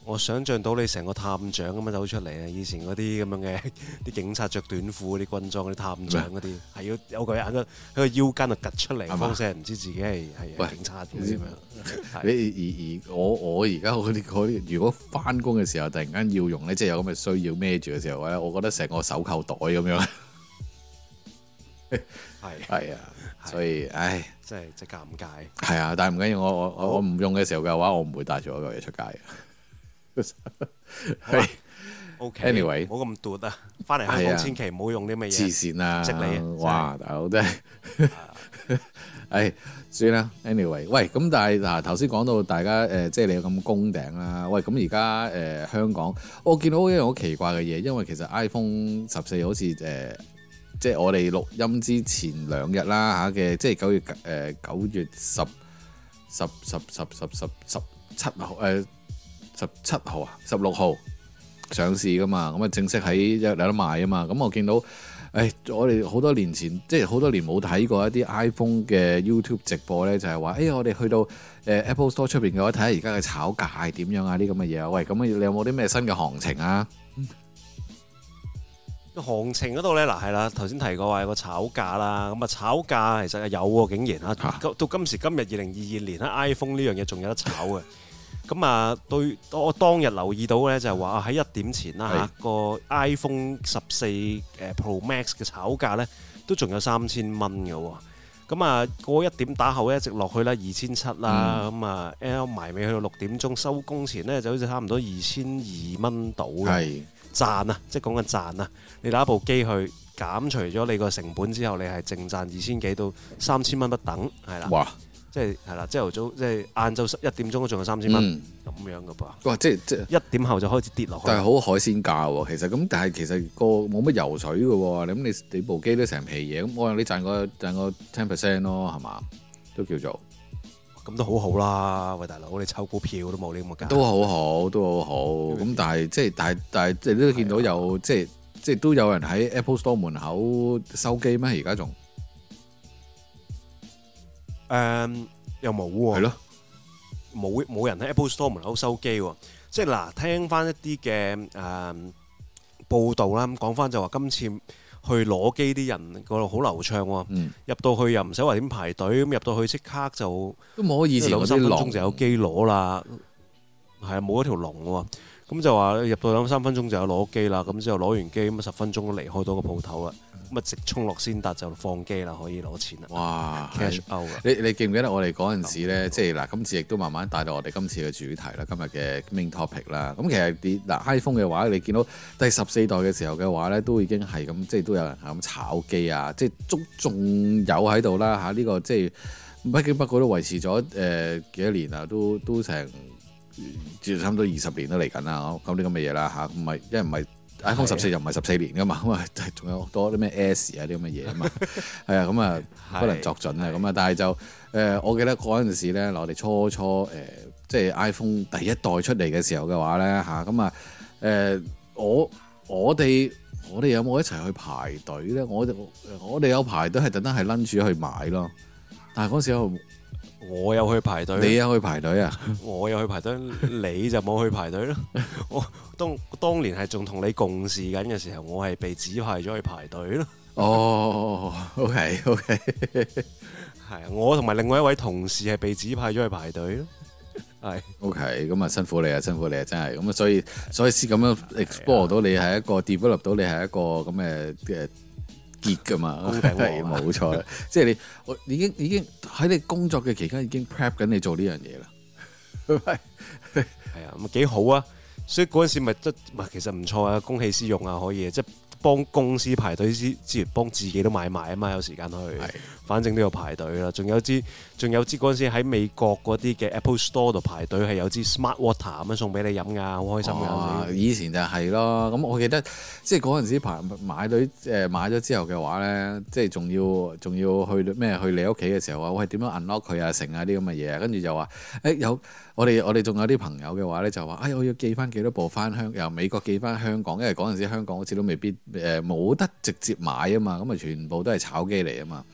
我想像到你成個探長咁樣走出嚟啊！以前嗰啲咁樣嘅啲 警察着短褲嗰啲軍裝嗰啲探長嗰啲係要有個眼喺個腰間度突出嚟，嗎方式係唔知自己係係嗎警察嗰啲咩？喂嗎 你 而而我我而家我啲、這、嗰、個、如果翻工嘅時候突然間要用咧，即係有咁嘅需要孭住嘅時候咧，我覺得成個手扣袋咁樣。 係係啊，所以唉，真係真尷尬。係啊，但係唔緊要，我我我唔用嘅時候嘅話，我唔會帶住嗰樣嘢出街嘅。OK，Anyway，唔好咁斷啊，翻嚟香港千祈唔好用啲乜嘢黐線啊，啊，哇，大佬真係。唉，算啦，Anyway，喂，咁但係嗱，頭先講到大家誒，即係你有咁攻頂啦。喂，咁而家誒，香港我見到一樣好奇怪嘅嘢，因為其實 iPhone 十四好似誒。即係我哋錄音之前兩日啦嚇嘅，即係九月誒九月十十十十十十十七號誒十七號啊十六號上市噶嘛，咁啊正式喺有得賣啊嘛，咁我見到誒我哋好多年前即係好多年冇睇過一啲 iPhone 嘅 YouTube 直播咧，就係話誒我哋去到誒 Apple Store 出邊嘅話，睇下而家嘅炒價係點樣啊啲咁嘅嘢啊，喂咁你你有冇啲咩新嘅行情啊？行情嗰度呢，嗱係啦，頭先提過話有個炒價啦，咁啊炒價其實係有喎，竟然啦、啊、到今時今日二零二二年喺 iPhone 呢樣嘢仲有得炒嘅。咁啊， 對我當日留意到呢，就係話喺一點前啦嚇，是個 iPhone 十四 Pro Max 嘅炒價呢，都仲有三千蚊嘅。咁啊，過一點打後一直落去啦，二千七啦，咁啊，挨埋尾去到六點鐘收工前呢，就好似差唔多二千二蚊到。賺啊！即係講緊賺啊！你拿部機去減除咗你個成本之後，你係淨賺二千幾到三千蚊不等，係啦。哇！即係係啦，朝頭早即係晏晝一點鐘仲有三千蚊咁樣噶噃。哇！即係即係一點後就開始跌落去。但係好海鮮價喎、啊，其實咁，但係其實個冇乜油水嘅喎、啊。你咁你你部機都成皮嘢，咁我話你賺個賺個 ten percent 咯，係嘛？都叫做。咁都好好啦，喂大佬，你抽股票都冇呢咁嘅價。都好好，都好好。咁、嗯、但係即係，但係但係，你都見到有的即係即係都有人喺 Apple Store 門口收機咩？而家仲誒又冇喎。係咯的，冇冇人喺 Apple Store 門口收機喎。即係嗱、啊，聽翻一啲嘅誒報道啦，咁講翻就話今次。去攞機啲人嗰度好流暢喎、嗯，入到去又唔使話點排隊，咁入到去即刻就都冇，以前兩三分鐘就有機攞啦，係啊，冇一條龍喎，咁、嗯、就話入到兩三分鐘就有攞機啦，咁之後攞完機，咁啊十分鐘離開到個鋪頭啦。咁啊，直衝落先達就放機啦，可以攞錢啦！哇，cash out 啊！你你記唔記得我哋嗰陣時咧？即係嗱，今次亦都慢慢帶到我哋今次嘅主題啦，今日嘅 main topic 啦。咁其實嗱 iPhone 嘅話，你見到第十四代嘅時候嘅話咧，都已經係咁，即係都有人係咁炒機啊，即係捉仲有喺度啦嚇。呢、這個即係不經不覺都維持咗誒、呃、幾多年啊，都都成至少差唔多二十年都嚟緊啦。咁呢咁嘅嘢啦吓？唔係因為唔係。iPhone 十四的又唔係十四年噶嘛，咁啊仲有好多啲咩 S 啊啲咁嘅嘢啊嘛，係啊咁啊，不能作準啊咁啊，的但係就誒、呃、我記得嗰陣時咧，我哋初初誒、呃、即係 iPhone 第一代出嚟嘅時候嘅話咧嚇，咁啊誒、嗯呃、我我哋我哋有冇一齊去排隊咧？我我我哋有排隊係特登係拎住去買咯，但係嗰時候。我又去排隊，你又去排隊啊！我又去排隊，你就冇去排隊咯。 我當當年係仲同你共事緊嘅時候，我係被指派咗去排隊咯。哦，OK，OK，係啊。我同埋另外一位同事係被指派咗去排隊咯。係 ，OK，咁啊辛苦你啊，辛苦你啊，真係咁啊。所以所以先咁樣 explore 到你係一個的 develop 到你係一個咁嘅嘅。結噶嘛，係冇錯啦，的 即係你， 我已經已經喺你工作嘅期間已經 prep 緊你做呢樣嘢啦，係係啊，咁幾好啊，所以嗰陣時咪得，咪其實唔錯啊，公器私用啊，可以即係。幫公司排隊之之餘，幫自己都買埋啊嘛！有時間去，是反正都要排隊啦。仲有支，仲有支嗰陣時喺美國嗰啲嘅 Apple Store 度排隊，係有支 Smart Water 咁樣送俾你飲噶，好開心啊！哦、的以前就係咯，咁、嗯嗯、我記得即係嗰陣時排買隊誒買咗之後嘅話呢，即係仲要仲要去咩？去你屋企嘅時候啊，我係點樣 unlock 佢啊？成啊啲咁嘅嘢跟住又話誒有。我哋我哋仲有啲朋友嘅話咧，就話，哎我要寄翻幾多部翻香由美國寄翻香港，因為嗰陣時香港好似都未必誒冇得直接買啊嘛，咁啊全部都係炒機嚟啊嘛，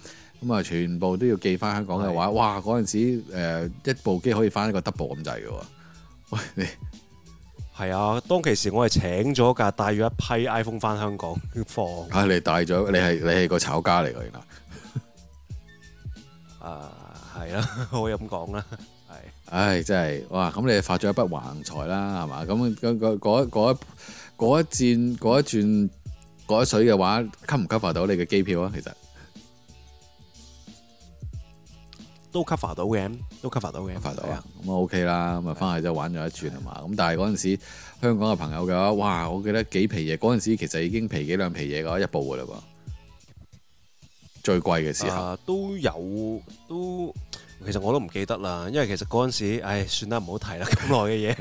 咁啊全部都要寄翻香港嘅話，的哇！嗰陣時、呃、一部機可以翻一個 double 咁滯嘅喎。喂，係啊，當其時我係請咗架帶咗一批 iPhone 翻香港放。啊、哎，你帶咗的？你係你係個炒家嚟㗎原來。啊，係啊，可以咁講啦。唉，真係哇！咁你發咗一筆橫財啦，係嘛？咁嗰嗰一轉一轉嗰一水嘅話，cover 唔 cover 到你嘅機票啊？其實，可可其實都 cover 到嘅，都 cover 到嘅，cover 到啊！咁啊對 OK 啦，咁啊翻去即係玩咗一轉係嘛？咁對但係嗰陣時香港嘅朋友嘅話，哇！我記得幾皮嘢，嗰陣時其實已經皮幾兩皮嘢噶，一部噶嘞噃，最貴嘅時候、啊、都有都。都其實我都唔記得啦，因為其實嗰陣時，唉，算啦，唔好提啦，咁耐嘅嘢。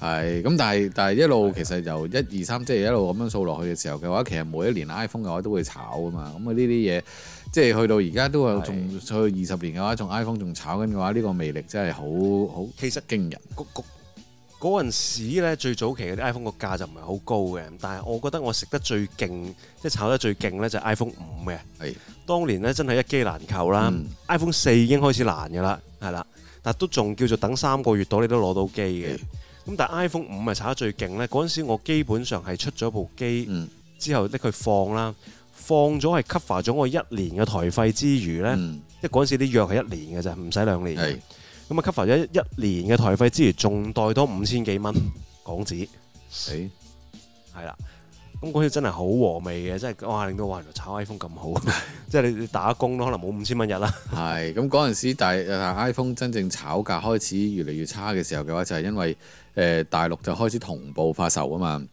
係，咁但係，但係一路其實就, 1, 2, 3, 就一二三，即係一路咁樣數落去嘅時候嘅話，其實每一年 iPhone 嘅話都會炒啊嘛。咁啊呢啲嘢，即係、就是、去到而家都係仲去二十年嘅話，仲的 iPhone 仲炒緊嘅話，呢、這個魅力真係好好，其實驚人。嗰陣時咧，最早期嗰啲 iPhone 個價就唔係好高嘅，但係我覺得我食得最勁，即係炒得最勁咧就係 iPhone 五嘅。係，是的 當年咧真係一機難求啦。嗯、iPhone 四已經開始難㗎啦，係啦，但都仲叫做等三個月到你都攞到機嘅。咁是的 但係 iPhone 五咪炒得最勁咧。嗰陣時我基本上係出咗部機、嗯、之後拎佢放啦，放咗係 cover 咗我一年嘅台費之餘咧，即係嗰陣時啲約係一年嘅咋，唔使兩年。咁啊 cover 咗一年嘅台費之餘，仲代多五千幾蚊港紙。係、欸，係啦。咁嗰次真係好和味嘅，真係哇！令到原來哇，炒 iPhone 咁好， 即係你打工都可能冇五千蚊日啦。係。咁嗰陣時，但係 iPhone 真正炒價開始越嚟越差嘅時候嘅話，就係、是、因為誒大陸就開始同步發售啊嘛。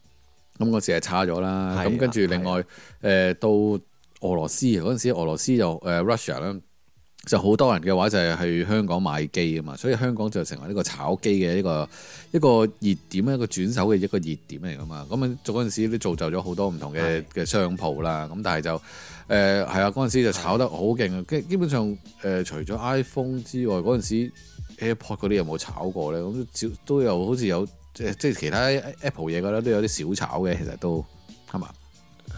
咁嗰時係差咗啦。咁的跟住另外誒的到俄羅斯嗰陣時俄、呃，俄羅斯就誒 Russia 啦。呃就好多人嘅話就係去香港買機啊嘛，所以香港就成為呢個炒機嘅一個一個熱點，一個轉手嘅一個熱點嚟噶嘛。咁啊，做嗰陣時都造就咗好多唔同嘅嘅商鋪啦。咁是的 但係就誒係啊，嗰、呃、陣時就炒得好勁。啊。基本上誒、呃，除咗 iPhone 之外，嗰陣時 Apple 嗰啲有冇炒過咧？咁少都有好似有即係其他 Apple 嘢噶啦，都有啲小炒嘅，其實都係嘛。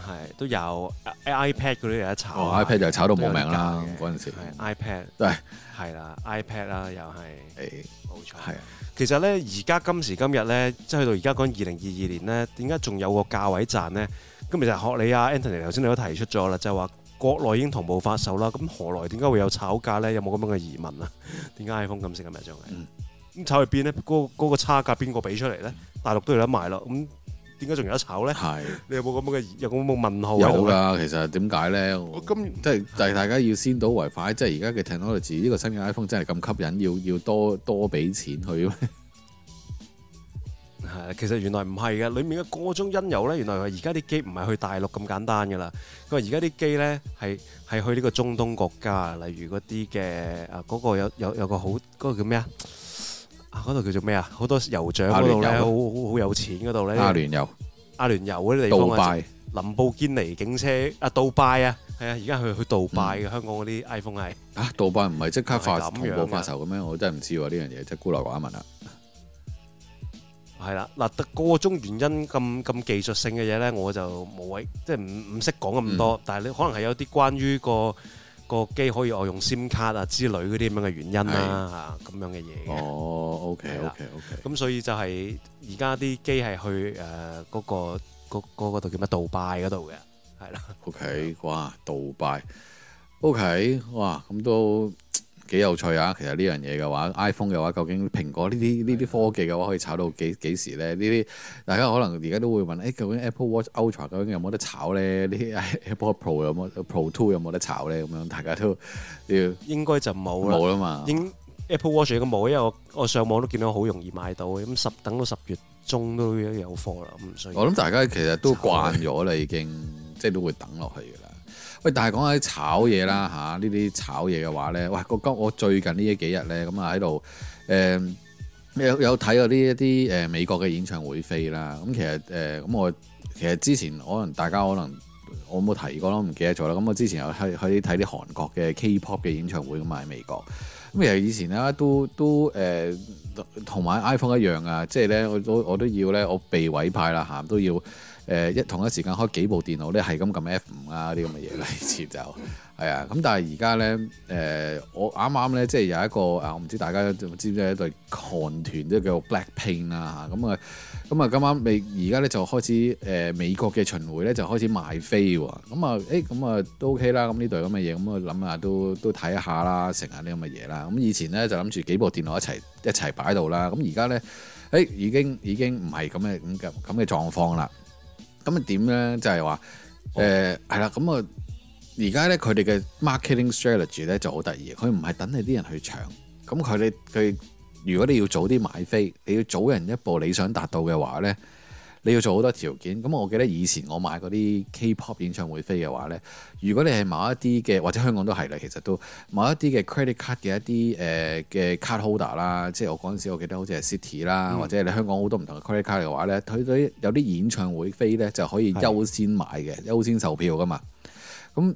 係，都有 iPad 嗰啲有一炒，iPad 就、哦、是炒到冇命啦嗰陣對時。iPad 都係啦對，iPad 啦又係冇、欸、錯。係啊的，其實咧而家今時今日咧，即係到而家講二零二二年咧，點解仲有個價位賺咧？咁其實學你啊，Anthony 頭先你都提出咗啦，就係話國內已經同步發售啦。咁何來點解會有炒價咧？有冇咁樣嘅疑問啊？點解 iPhone 咁升咁樣上嚟？咁、嗯、炒去邊咧？嗰、那、嗰個差價邊個俾出嚟咧？大陸都有得賣咯。咁點解仲有得炒咧？係你有冇咁樣嘅有冇咁嘅問號？有噶，其實點解咧？我今即係但係大家要先睹為快，即係而家嘅聽落去，自呢個新嘅 iPhone 真係咁吸引，要要多多俾錢去。係其實原來唔係嘅，裏面嘅各種因由咧，原來話，而家啲機唔係去大陸咁簡單噶啦。佢話而家啲機咧係係去呢個中東國家，例如嗰啲嘅啊嗰個有有有個好嗰個叫咩啊？啊！嗰度叫做咩啊？好多酋長嗰度咧，好好好有錢嗰度咧。阿聯酋。阿聯酋嗰啲地方啊。杜拜。林布堅尼警車。啊！杜拜啊，係啊！而家去去杜拜嘅香港嗰啲 iPhone 係。啊！杜拜唔係即刻發同步發售嘅咩？我真係唔知喎呢樣嘢，真係孤陋寡聞啦。係啦，嗱，個個中原因咁咁技術性嘅嘢咧，我就冇位，即係唔唔識講咁多。但係你可能係有啲關於個。個機可以外用 SIM 卡啊之類嗰啲咁樣嘅原因啦，嚇咁樣嘅嘢。哦 okay, 了，OK OK OK。咁所以就係而家啲機係去誒嗰、呃嗰個嗰、嗰個度、嗰個、叫咩？杜拜嗰度嘅，係啦。OK，了哇，杜拜。OK，哇，咁都。幾有趣啊！其實呢樣嘢嘅話，iPhone 嘅話，究竟蘋果呢啲呢啲科技嘅話，可以炒到幾幾時咧？呢啲大家可能而家都會問誒、欸，究竟 Apple Watch Ultra 究竟有冇得炒咧？呢啲 Apple Pro, Pro 有冇 Pro Two 有冇得炒咧？咁樣大家都要應該就冇啦，冇啦嘛。應 Apple Watch 應該冇，因為我我上網都見到好容易買到，咁十等到十月中都有貨啦，唔需，我諗大家其實都慣咗，你了已經即係都會等落去嘅啦。喂，但係講起炒嘢啦嚇，呢、啊、啲炒嘢嘅話咧，喂，我覺得我最近呢、嗯呃、一幾日咧，咁啊喺度誒有有睇過呢一啲誒美國嘅演唱會飛啦。咁、嗯、其實誒，咁、呃嗯、我其實之前可能大家可能我冇提過咯，唔記得咗啦。咁、嗯、我之前有去去睇啲韓國嘅 K-pop 嘅演唱會咁啊，喺、嗯、美國。咁其實以前啦都都誒同、呃、埋 iPhone 一樣啊，即係咧我都我都要咧，我被委派啦嚇、啊，都要。誒一同一時間開幾部電腦咧，係咁撳 F 五、 呃、啊啲咁嘅嘢嚟，以前就係啊，咁但係而家咧誒，我啱啱咧即係有一個啊，我唔知大家知唔知一隊韓團都叫 Blackpink 啦嚇咁啊，咁啊，今晚未而家咧就開始誒美國嘅巡迴咧就開始賣飛喎。咁啊誒咁啊都 OK 啦。咁呢隊咁嘅嘢咁啊諗下都都睇一下啦，成下啲咁嘅嘢啦。咁以前咧就諗住幾部電腦一齊一齊擺到啦。咁而家咧誒已經已經唔係咁嘅咁嘅咁嘅狀況啦。咁咪點咧？就係話，誒係啦。咁啊 Okay.，而家咧佢哋嘅 marketing strategy 咧就好得意，佢唔係等你啲人去搶。咁佢哋佢如果你要早啲買飛，你要早人一步，你想達到嘅話咧。你要做好多條件咁，我記得以前我買嗰啲 K-pop 演唱會飛嘅話呢，如果你係某一啲嘅，或者香港都係啦，其實都某一啲嘅 credit card 嘅一啲誒嘅 card holder 啦，即係我嗰陣時我記得好似係 City 啦、嗯，或者你香港好多唔同嘅 credit card 嘅話呢，佢對有啲演唱會飛呢就可以優先買嘅，的優先售票㗎嘛。咁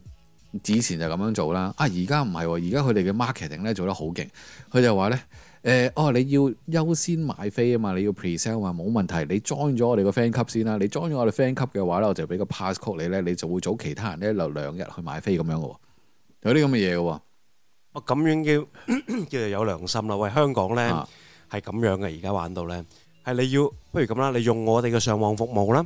以前就咁樣做啦，啊而家唔係，而家佢哋嘅 marketing 呢做得好勁，佢就話呢。誒，哦，你要優先買飛啊嘛，你要 pre-sale 嘛，冇問題。你 join 咗我哋個 friend 級先啦，你 join 咗我哋 friend 級嘅話咧，我就俾個 passcode 你咧，你就會早其他人咧留兩日去買飛咁樣嘅喎，有啲咁嘅嘢嘅喎。哇，咁樣叫叫做有良心啦，喂，香港咧係咁樣嘅，而家玩到咧係你要，不如咁啦，你用我哋嘅上網服務啦，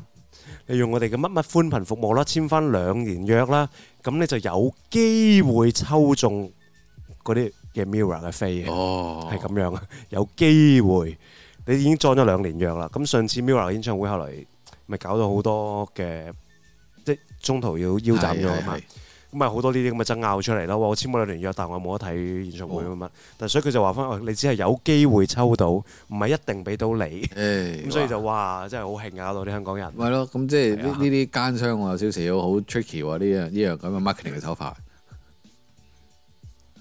你用我哋嘅乜乜寬頻服務啦，簽返兩年約啦，咁你就有機會抽中嗰啲。嘅 Mirror 嘅飛嘅，係咁樣，有機會你已經裝咗兩年約啦。咁上次 Mirror 嘅演唱會後嚟，咪搞到好多嘅，即係中途要腰斬咗啊嘛。咁咪好多呢啲咁嘅爭拗出嚟咯。我簽咗兩年約，但係我冇得睇演唱會咁樣。但係所以佢就話翻，你只係有機會抽到，唔係一定俾到你。咁所以就哇，真係好興啊！搞到啲香港人。係咯，咁即係呢啲奸商，我有少少好 tricky 喎。呢樣呢樣咁嘅 marketing 嘅手法。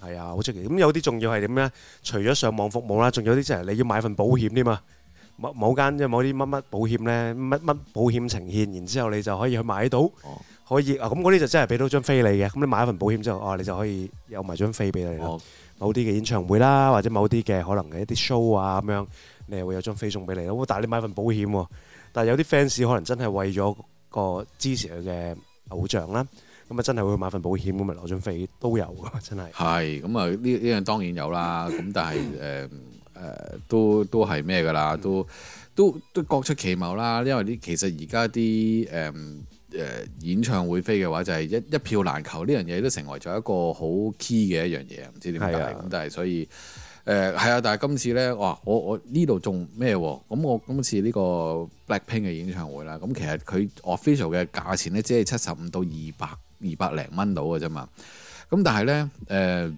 係啊，好出奇咁，有啲仲要係點咧？除咗上網服務啦，仲有啲即係你要買份保險添啊！某某間即係某啲乜乜保險咧，乜乜保險呈現，然之後你就可以去買到，可以啊！咁嗰啲就真係俾到張飛你嘅。咁你買一份保險之後，哦，你就可以有埋張飛俾你咯。某啲嘅演唱會啦，或者某啲嘅可能嘅一啲 show 啊咁樣，你會有張飛送俾你咯。但係你買份保險喎，但係有啲 fans 可能真係為咗個支持佢嘅偶像啦。咁啊，真係會去買份保險咁啊，攞張飛都有㗎！真係係咁啊，呢呢樣當然有啦。咁 但係誒誒，都都係咩噶啦？嗯、都都都各出其謀啦。因為啲其實而家啲誒誒演唱會飛嘅話就，就係一一票難求。呢樣嘢都成為咗一個好 key 嘅一樣嘢，唔知點解咁。但係所以誒係啊。但係今次咧，哇！我我，我呢度仲咩喎？咁我今次呢個 Blackpink 嘅演唱會啦，咁其實佢 official 嘅價錢咧，只係七十五到二百。二百零蚊到嘅啫嘛，咁但係咧，誒、呃，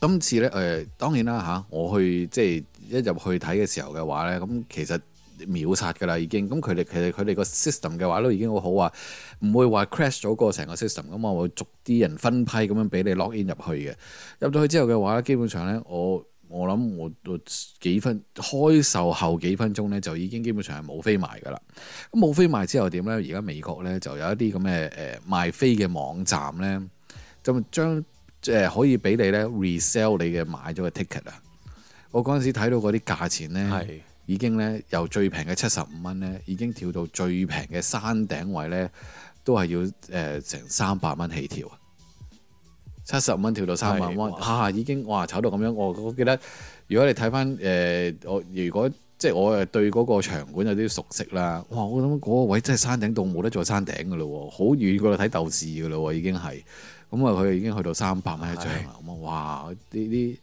今次咧，誒、呃，當然啦嚇、啊，我去即係一入去睇嘅時候嘅話咧，咁其實秒殺㗎喇已經，咁佢哋其實佢哋個 system 嘅話都已經好好啊，唔會話 crash 咗個成個 system 咁、嗯、啊，我會逐啲人分批咁樣俾你 login 入去嘅，入到去之後嘅話咧，基本上咧我。我諗我都幾分開售後幾分鐘咧，就已經基本上係冇飛賣噶啦。咁冇飛賣之後點咧？而家美國咧就有一啲咁嘅誒賣飛嘅網站咧，就將誒、呃、可以俾你咧 resell 你嘅買咗嘅 ticket 啊。我嗰陣時睇到嗰啲價錢咧，的已經咧由最平嘅七十五蚊咧，已經跳到最平嘅山頂位咧，都係要誒、呃、成三百蚊起跳啊！七十蚊跳到三萬蚊，嚇、啊、已經哇炒到咁樣！我我記得，如果你睇返誒，我如果即係我誒對嗰個場館有啲熟悉啦，哇！我諗嗰位真係山頂到冇得再山頂嘅咯，好遠嗰度睇鬥士嘅咯，已經係咁啊！佢、嗯、已經去到三百蚊一張啦，咁啊是哇！呢啲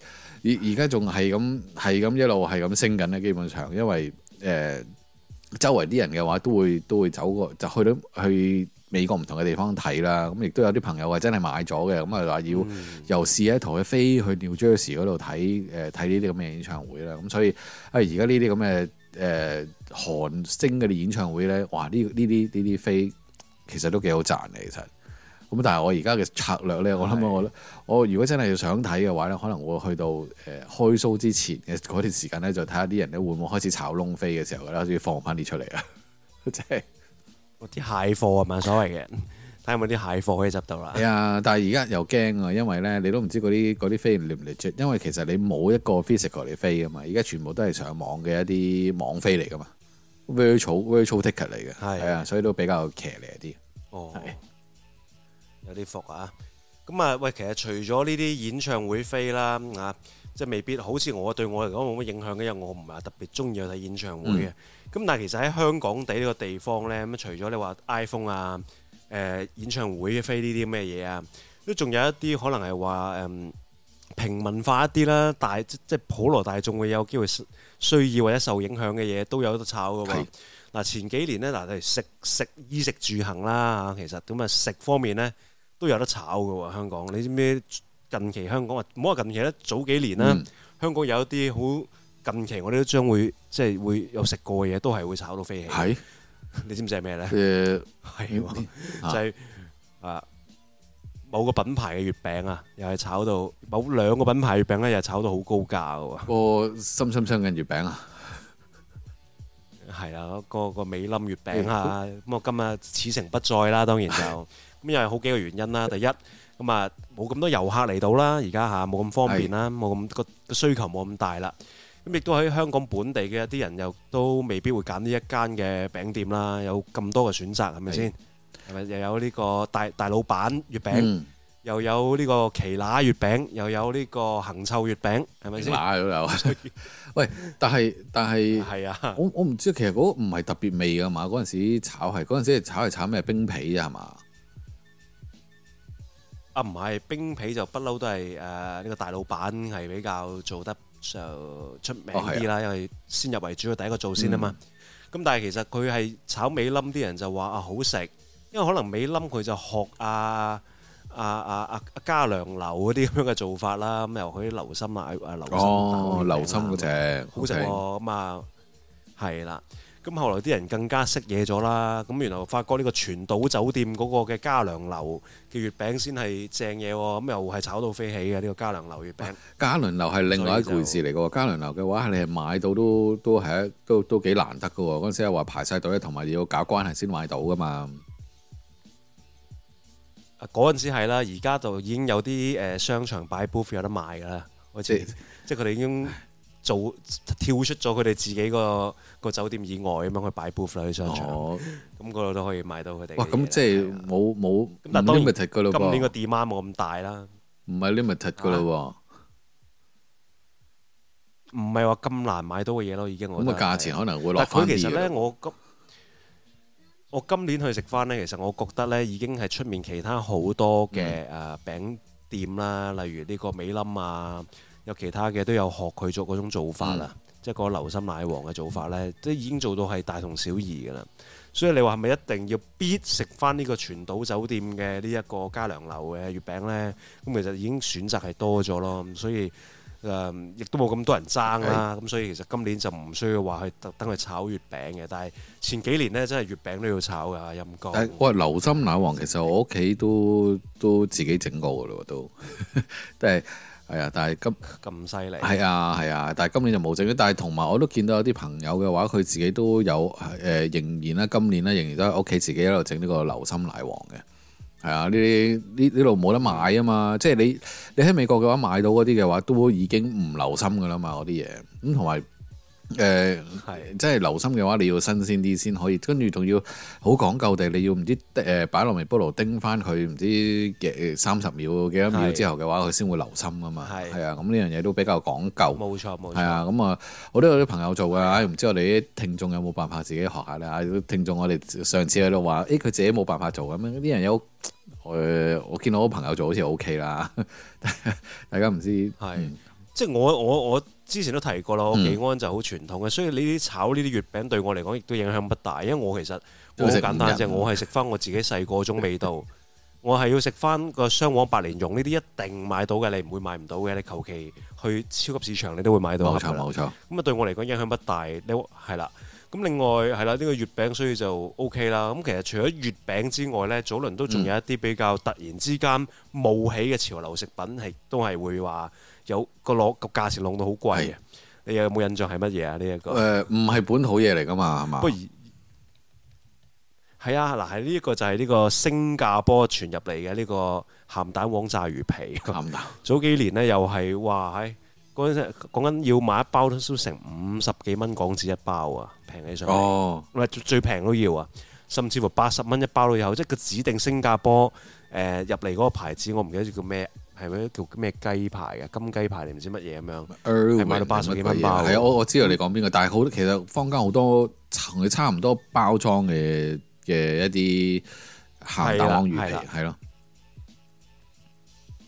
而而家仲係咁係咁一路係咁升緊咧，基本上因為誒、呃、周圍啲人嘅話都會都會走過就去到去。去去美國唔同嘅地方睇啦，咁亦都有啲朋友話真係買咗嘅，咁啊話要又試一臺飛去 New Jersey 嗰度睇誒睇呢啲咁嘅演唱會啦，咁所以啊而家呢啲咁嘅誒韓星啲演唱會咧，哇呢呢啲呢啲飛其實都幾好賺嘅其實。咁但係我而家嘅策略咧，的我諗我覺得我如果真係要想睇嘅話咧，可能我去到誒、呃、開 show 之前嘅嗰段時間咧，就睇下啲人咧會唔會開始炒窿飛嘅時候咧，好似放翻啲出嚟啊，即係。啲蟹貨啊嘛，所謂嘅，睇的有冇啲蟹貨可以執到啦。係啊，但係而家又驚啊，因為咧你都唔知嗰啲嗰啲飛嚟嚟，因為其實你冇一個 physical 嚟飛噶嘛，而家全部都係上網嘅一啲網飛嚟噶嘛，virtual virtual ticket 嚟嘅，係啊的，所以都比較騎呢啲。的的哦，有啲伏啊，咁啊喂，其實除咗呢啲演唱會飛啦，啊，即係未必，好似我對我嚟講冇乜影響嘅，因為我唔係特別中意去睇演唱會嘅。嗯咁但係其實喺香港地呢個地方咧，咁除咗你話 iPhone 啊、誒演唱會飛呢啲咩嘢啊，都仲有一啲可能係話誒平民化一啲啦，大即係普羅大眾會有機會需要或者受影響嘅嘢都有得炒㗎喎。嗱，前幾年咧，嗱，例如食食衣食住行啦嚇，其實咁啊食方面咧都有得炒㗎喎。香港，你知唔知近期香港啊？唔好話近期啦，早幾年啦，香港有一啲好。近期我哋都將會即係會有食過嘅嘢，都係會炒到飛起。係，你知唔知係咩咧？誒，係就係啊，某個品牌嘅月餅啊，又係炒到某兩個品牌月餅咧，又炒到好高價噶。個心心相印月餅啊，係啦，個個美冧月餅啊。咁啊，今日此情不再啦，當然就咁，又係好幾個原因啦。第一咁啊，冇咁多遊客嚟到啦，而家吓冇咁方便啦，冇咁個個需求冇咁大啦。亦都喺香港本地嘅一啲人又都未必會揀呢一間嘅餅店啦，有咁多嘅選擇係咪先？係咪又有呢個大大老闆月餅，又有呢個奇乸月餅，又有呢個恒臭月餅，係咪先？喂，但係 但係是，係啊，我我唔知，其實嗰個唔係特別味啊嘛。嗰陣時炒係嗰陣時炒係炒咩？冰皮啊嘛。啊，唔係冰皮就不嬲都係誒呢個大老闆係比較做得。就、so, 出名啲啦，哦啊、因為先入為主，佢第一個做先啊嘛。咁、嗯、但係其實佢係炒尾冧啲人，就話啊好食，因為可能尾冧佢就學阿阿阿阿加良樓嗰啲咁樣嘅做法啦，咁又可以留心啊啊留心，留、啊、心隻好食喎、啊，咁 okay.、嗯嗯、啊係啦。咁後來啲人更加識嘢咗啦，咁原來發覺呢個全島酒店嗰個嘅嘉良樓嘅月餅先係正嘢喎，咁又係炒到飛起嘅呢個嘉良樓月餅。嘉良樓係另外一回事嚟嘅喎，嘉良樓嘅話你係買到都都係一都都幾難得嘅喎，嗰陣時係話排晒隊，同埋要搞關係先買到㗎嘛。嗰陣時係啦，而家就已經有啲誒商場擺 booth 有得賣㗎啦，好似即係佢哋已經。做跳出咗佢哋自己個個酒店以外咁樣去擺 booth 啦，去商場，咁嗰度都可以買到佢哋。哇！咁即係冇冇 limit 嘅咯噃。今年個 demand 冇咁大啦。唔係 limit 嘅咯喎。唔係話咁難買到嘅嘢咯，已經我。咁個價錢可能會落翻但係佢其實咧，我今我今年去食翻咧，其實我覺得咧，已經係出面其他好多嘅誒餅店啦，例如呢個美林啊。有其他嘅都有學佢做嗰種做法啦，嗯、即係個流心奶黃嘅做法呢，都已經做到係大同小異㗎啦。所以你話係咪一定要必食翻呢個全島酒店嘅呢一個加良樓嘅月餅呢？咁其實已經選擇係多咗咯，所以誒亦都冇咁多人爭啦。咁、嗯、所以其實今年就唔需要話去特登去炒月餅嘅。但係前幾年呢，真係月餅都要炒噶，陰公。誒，流心奶黃其實我屋企都都自己整過嘅咯，都都係。 係啊，但係今咁犀利。係啊，係啊，但係今年就冇整啦。但係同埋我都見到有啲朋友嘅話，佢自己都有誒，仍然啦，今年啦，仍然都喺屋企自己喺度整呢個流心奶黃嘅。係啊，呢啲呢呢度冇得買啊嘛。即係你你喺美國嘅話買到嗰啲嘅話，都已經唔流心噶啦嘛，嗰啲嘢。咁同埋。誒係，呃、是即係流心嘅話，你要新鮮啲先可以，跟住仲要好講究地，你要唔知誒擺落微波爐叮翻佢，唔知幾三十秒幾多秒之後嘅話，佢先會流心㗎嘛。係啊是，咁呢樣嘢都比較講究。冇錯，冇錯。係啊，咁、嗯、啊，我都有啲朋友做㗎，唔是的 知我哋啲聽眾有冇辦法自己學下咧？啊，聽眾，我哋上次喺度話，誒、哎、佢自己冇辦法做，咁啲人有誒、呃，我見到朋友做好似 OK e 啦， 大家唔知係。即係我，我我之前都提過啦。我幾安就好傳統嘅，所以呢啲炒呢啲月餅對我嚟講亦都影響不大。因為我其實好簡單啫，就我係食翻我自己細個種味道。 我係要食翻個雙黃白蓮蓉呢啲一定買到嘅，你唔會買唔到嘅。你求其去超級市場，你都會買到。冇錯，冇錯。咁啊，對我嚟講影響不大。你係啦。咁另外係啦，呢、呢個月餅所以就 O K 啦。咁其實除咗月餅之外咧，早輪都仲有一啲比較突然之間冒起嘅潮流食品，係、嗯、都係會話。有個攞個價錢弄到好貴啊！你有冇印象係乜嘢啊？呢一個誒唔係本土嘢嚟噶嘛，係嘛？不如係啊！嗱，係呢一個就係呢個新加坡傳入嚟嘅呢個鹹蛋黃炸魚皮。鹹蛋早幾年咧又係話喺嗰陣時講緊要買一包都成五十幾蚊港紙一包啊！平起上嚟哦，最平都要啊！甚至乎八十蚊一包都有，即係佢指定新加坡誒入嚟嗰個牌子，我唔記得叫咩。係咪叫咩雞排嘅金雞排定唔知乜嘢咁樣？係賣到八十幾蚊包。係啊，我我知道你講邊個，但係好其實坊間好多同佢差唔多包裝嘅嘅一啲鹹蛋黃魚皮，係咯。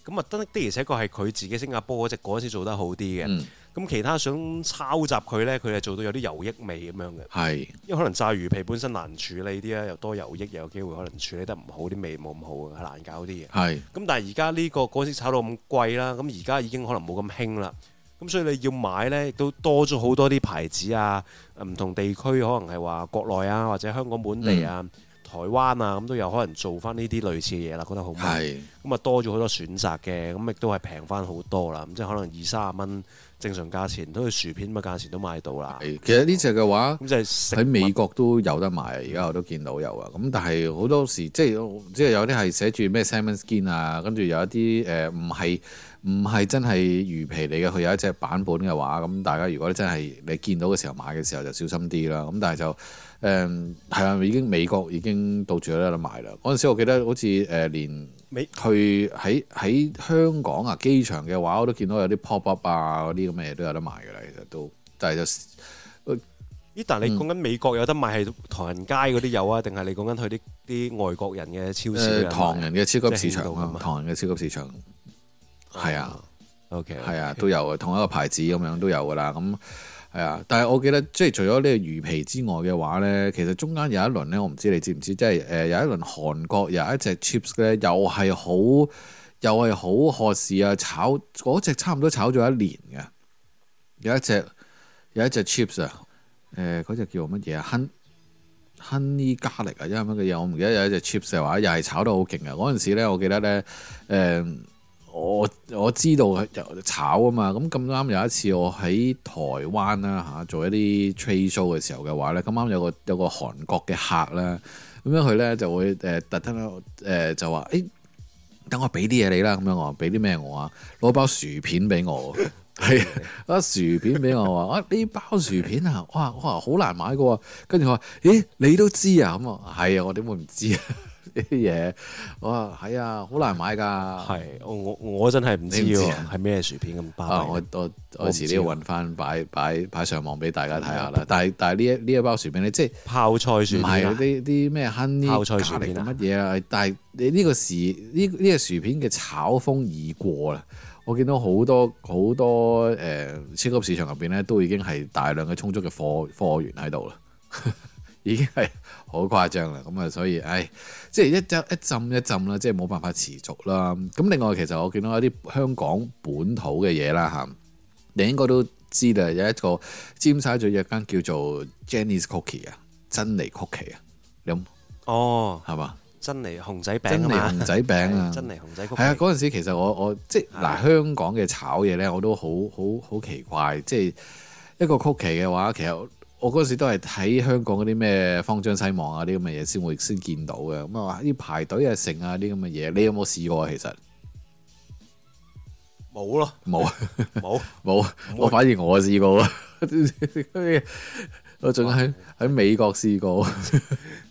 咁啊，了的的而且確係佢自己新加坡嗰隻嗰時做得好啲嘅，嗯咁其他想抄襲佢呢，佢係做到有啲油益味咁樣嘅。係是，因為可能炸魚皮本身難處理啲啊，又多油益，又有機會可能處理得唔好，啲味冇咁好嘅，難搞啲嘢。咁是但係而家呢個嗰陣炒到咁貴啦，咁而家已經可能冇咁興啦。咁所以你要買呢，亦都多咗好多啲牌子啊，唔同地區可能係話國內啊，或者香港本地啊、嗯、台灣啊，咁都有可能做翻呢啲類似嘅嘢啦，覺得好。係是。咁啊多咗好多選擇嘅，咁亦都係平翻好多啦。咁即係可能二三十蚊。正常價錢都係薯片嘅價錢都買到啦。係，其實呢隻嘅話，咁就喺美國都有得賣。而家我都見到有啊。咁但係好多時即係即係有啲係寫住咩 Salmon Skin 啊，跟住有一啲誒唔係唔係真係魚皮嚟嘅，佢有一隻版本嘅話，咁大家如果真係你見到嘅時候買嘅時候就小心啲啦。咁但係就誒係啊，已、呃、經美國已經到處都有得賣啦。嗰陣時我記得好似誒連。美去喺喺香港啊！機場嘅話，我都見到有啲 pop up 啊，嗰啲咁嘅嘢都有得賣嘅啦。其實都，但係就咦？嗯，但係你講緊美國有得賣係唐人街嗰啲有啊？定係你講緊去啲啲外國人嘅超市啊？唐人嘅超級市場啊，唐人嘅超級市場係啊，啊，OK 係 OK 啊，都有啊，同一個牌子咁樣都有嘅啦，咁。係啊，但係我記得即係除咗呢個魚皮之外嘅話咧，其實中間有一輪咧，我唔知你知唔知？即係誒、呃、有一輪韓國有一隻 chips 咧，又係好又係好何事啊，炒嗰隻差唔多炒咗一年嘅，有一隻有一隻 chips 啊，誒、呃、嗰隻叫乜嘢啊？Honey Garlic 啊，因為乜嘅嘢我唔記得，有一隻 chips 嘅話又係炒得好勁啊。嗰陣時咧我記得咧誒。呃我我知道炒啊嘛，咁咁啱有一次我喺台灣啦嚇、啊，做一啲 trade show 嘅時候嘅話咧，咁啱有個有個韓國嘅客啦，咁樣佢咧就會誒、呃、特登咧誒就話誒、欸，等我俾啲嘢你啦，咁樣我俾啲咩我啊？攞包薯片俾我，係 啊薯片俾我話啊呢包薯片啊，哇哇好難買嘅喎，跟住我話咦你都知啊咁啊，係啊我點會唔知啊？呢啲嘢，我話係啊，好難買㗎。係，我我真係唔知喎，係咩薯片咁巴閉。我我我遲啲要揾翻擺擺擺上網俾大家睇下啦、嗯。但係但係呢一呢不 一包薯片咧，即係泡菜薯片，唔係啲啲咩亨啲泡菜薯片啊？乜嘢啊？但係呢呢個市呢呢個薯片嘅炒風已過啦。我見到好多好多誒、呃、超級市場入邊咧，都已經係大量嘅充足嘅貨貨源喺度啦， 已經係。好誇張啦，咁啊，所以，唉，即係一一一陣一陣啦，即係冇辦法持續啦。咁另外，其實我見到一啲香港本土嘅嘢啦，吓，你應該都知啦，有一個尖沙咀有一間叫做 Jenny’s Cookie 啊，珍妮 Cookie 啊，你有？哦，係嘛？珍妮熊仔餅啊？珍妮熊仔餅啊？珍妮熊仔曲奇。係啊，嗰陣時其實我我即係嗱，香港嘅炒嘢咧，我都好好好奇怪，即係一個 Cookie 嘅話，其實。我嗰時都係睇香港嗰啲咩東張西望啊啲咁嘅嘢先會先見到嘅，咁啊話啲排隊啊成啊啲咁嘅嘢，你有冇試過啊？其實冇咯，冇冇冇，我反而我試過咯， 我仲喺喺美國試過，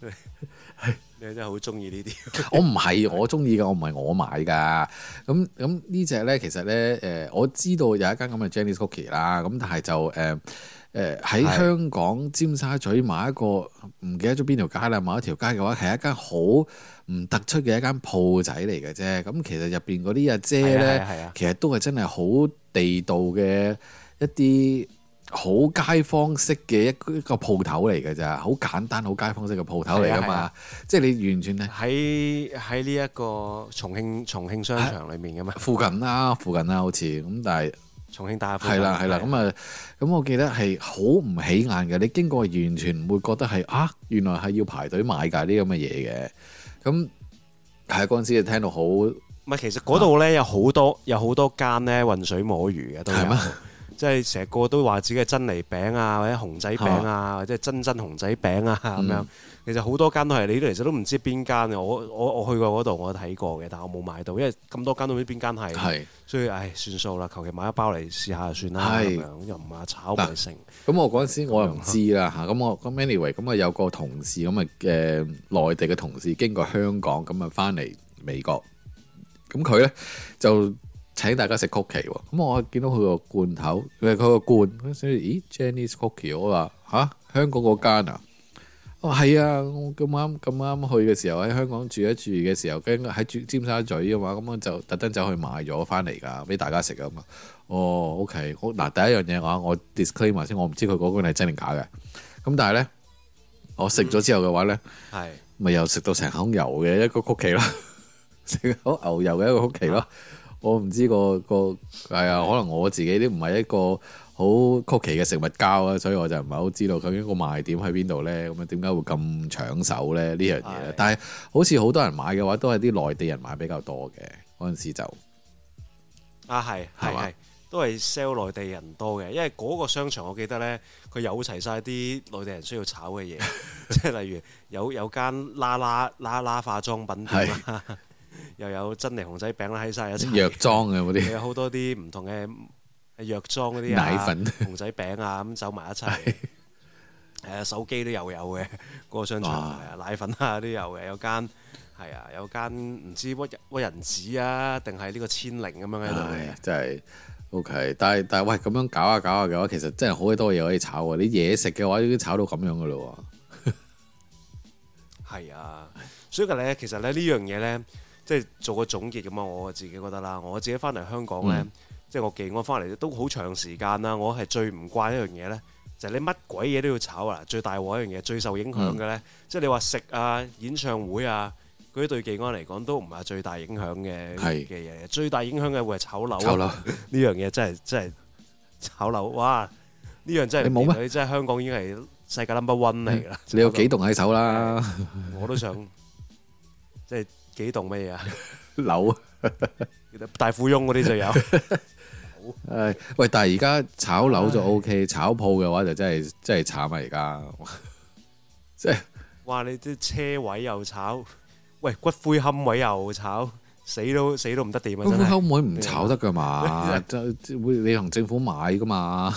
你真係好中意呢啲。我唔係我中意嘅，我唔係我買噶。咁咁呢隻咧，其實咧，誒我知道有一間咁嘅 Jenny’s Cookie 啦，咁但係就誒。誒喺香港尖沙咀某一個唔記得咗邊條街啦，某一條街嘅話，係一間好唔突出嘅一間鋪仔嚟嘅啫。咁其實入邊嗰啲阿姐咧，其實,、啊啊啊、其實都係真係好地道嘅一啲好街坊式嘅一個鋪頭嚟嘅咋好簡單，好街坊式嘅鋪頭嚟噶嘛。即係、啊啊、你完全咧喺喺呢一個重慶重慶商場裏面噶嘛、啊？附近啦、啊，附近啦、啊，好似咁，但係。重慶大排檔，係啦，係啦，咁啊咁我記得係好唔起眼嘅。你經過完全唔會覺得係啊，原來係要排隊買㗎啲咁嘅嘢嘅。咁係嗰陣時就聽到好唔係，其實嗰度咧有好多、啊、有好多，多間咧混水摸魚嘅都係。嗎 即係成個都話自己係珍妮餅啊，或者熊仔餅啊，啊或者珍珍熊仔餅啊咁、嗯、樣。其實好多間都係，你其實都唔知邊間。我我我去過嗰度，我睇過嘅，但係我冇買到，因為咁多間都唔知邊間係。是所以唉，算數啦，求其買一包嚟試下就算啦，咁是樣又唔話炒評成。咁、啊、我嗰陣時我又唔知啦嚇。咁我咁 anyway 咁，啊有個同事咁啊誒內地嘅同事經過香港咁啊翻嚟美國，咁佢咧就。請大家食曲奇喎、哦，咁、嗯、我見到佢個罐頭，佢個罐咦，Jenny's Cookie 啊嘛吓？香港嗰間啊，哦，係啊，我咁啱咁啱去嘅時候喺香港住一住嘅時候，跟住喺尖沙咀啊嘛，咁、嗯、我就特登走去買咗翻嚟噶，俾大家食啊嘛。哦，OK，好！嗱、啊、第一樣嘢話，我,我 disclaim 埋先，我唔知佢嗰罐係真定假嘅。咁、嗯、但係咧，我食咗之後嘅話咧，係咪、嗯、又食到成口油嘅一個曲奇咯，食到的 牛油嘅一個曲奇咯。我唔知個個係啊，可能我自己都唔係一個好曲奇嘅食物膠啊，所以我就唔係好知道究竟個賣點喺邊度呢。咁樣點解會咁搶手呢？呢樣嘢，但係好似好多人買嘅話，都係啲內地人買比較多嘅。嗰陣時就啊，係係係，都係 sell 內地人多嘅，因為嗰個商場我記得呢，佢有齊晒啲內地人需要炒嘅嘢，即係 例如有有，有間啦啦啦啦化妝品店。又有珍妮熊仔餅啦，喺晒一齊。藥妝嘅嗰啲，有好多啲唔同嘅藥妝嗰啲奶粉、熊仔餅啊，咁走埋一齊。係啊，手機都又有嘅，嗰個商場奶粉啊都有嘅，有間係啊，有間唔知屈屈臣氏啊，定係呢個千靈咁樣咧。係啊，真係 O K，但係但係喂，咁樣搞下搞下嘅話，其實真係好多嘢可以炒嘅，啲嘢食嘅話已經炒到咁樣噶啦。係 啊，所以其實咧呢樣嘢咧。即係做個總結咁啊！我自己覺得啦，我自己翻嚟香港咧，嗯、即係我技安翻嚟都好長時間啦。我係最唔慣一樣嘢咧，就係、是、你乜鬼嘢都要炒啊！最大鑊一樣嘢，最受影響嘅咧，嗯、即係你話食啊、演唱會啊嗰啲對技安嚟講都唔係最大影響嘅嘅嘢。是最大影響嘅會係炒樓。炒呢樣嘢真係真係炒樓， 炒樓哇！呢樣真係冇咩？你，你真係香港已經係世界 number one 嚟㗎啦！你有幾棟喺手啦？ 我都想即係。就是就是幾棟咩嘢啊？樓 大富翁嗰啲就有。係、 哎，喂！但係而家炒樓就 OK，炒鋪嘅話就真係真係慘啊！而家即係， 哇！你啲車位又炒，喂，骨灰龕位又炒，死都死都唔得掂啊！真係骨灰龕位唔炒得㗎嘛？即 你同政府買㗎嘛？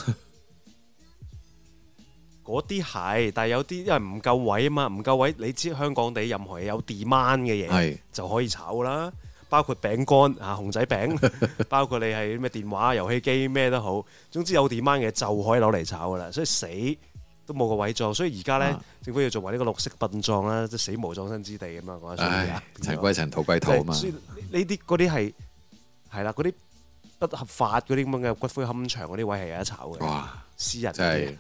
嗰啲係，但係有啲因為唔夠位啊嘛，唔夠位，你知香港地任何有 demand 嘅嘢係，就可以炒啦。包括餅乾啊、熊仔餅， 包括你係咩電話、遊戲機咩都好，總之有 demand 嘅嘢就可以攞嚟炒㗎啦。所以死都冇個位做，所以而家咧政府要做埋呢個綠色殯葬啦，即死無葬身之地得咁啊！唉，塵樣歸塵，土歸土嘛。呢啲嗰啲係係啦，嗰啲不合法嗰啲咁嘅骨灰龕場嗰啲位係有得炒嘅。哇！私人嘅。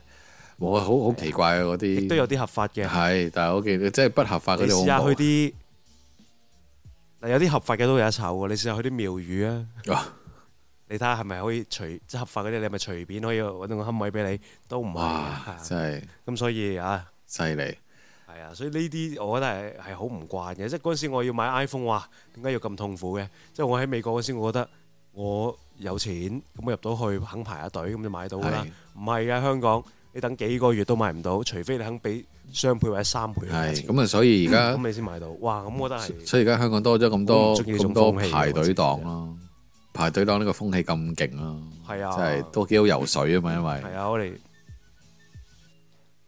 我好好奇怪啊！嗰啲亦都有啲合法嘅，係，但係我記得即係不合法嗰啲。你試下去啲嗱，有啲合法嘅都有一抽嘅。你試下去啲廟宇啊，哇你睇下係咪可以隨即合法嗰啲，你係咪隨便可以揾到個坑位俾你都唔係。真係咁，所以啊，犀利係啊。所以呢啲我覺得係係好唔慣嘅。即係嗰陣時我要買 iPhone，哇，點解要咁痛苦嘅？即係我喺美國嗰陣時，我覺得我有錢咁，我入到去肯排下隊咁就買到啦。唔係啊，香港。你等幾個月都買唔到，除非你肯俾雙倍或者三倍。係咁啊，所以而家咁你先買到。嘩！咁我覺得係。所以而家香港多咗咁多咁多排隊檔咯，排隊檔呢個風氣咁勁咯。係啊，即係都幾好游水啊嘛，因為係啊，我哋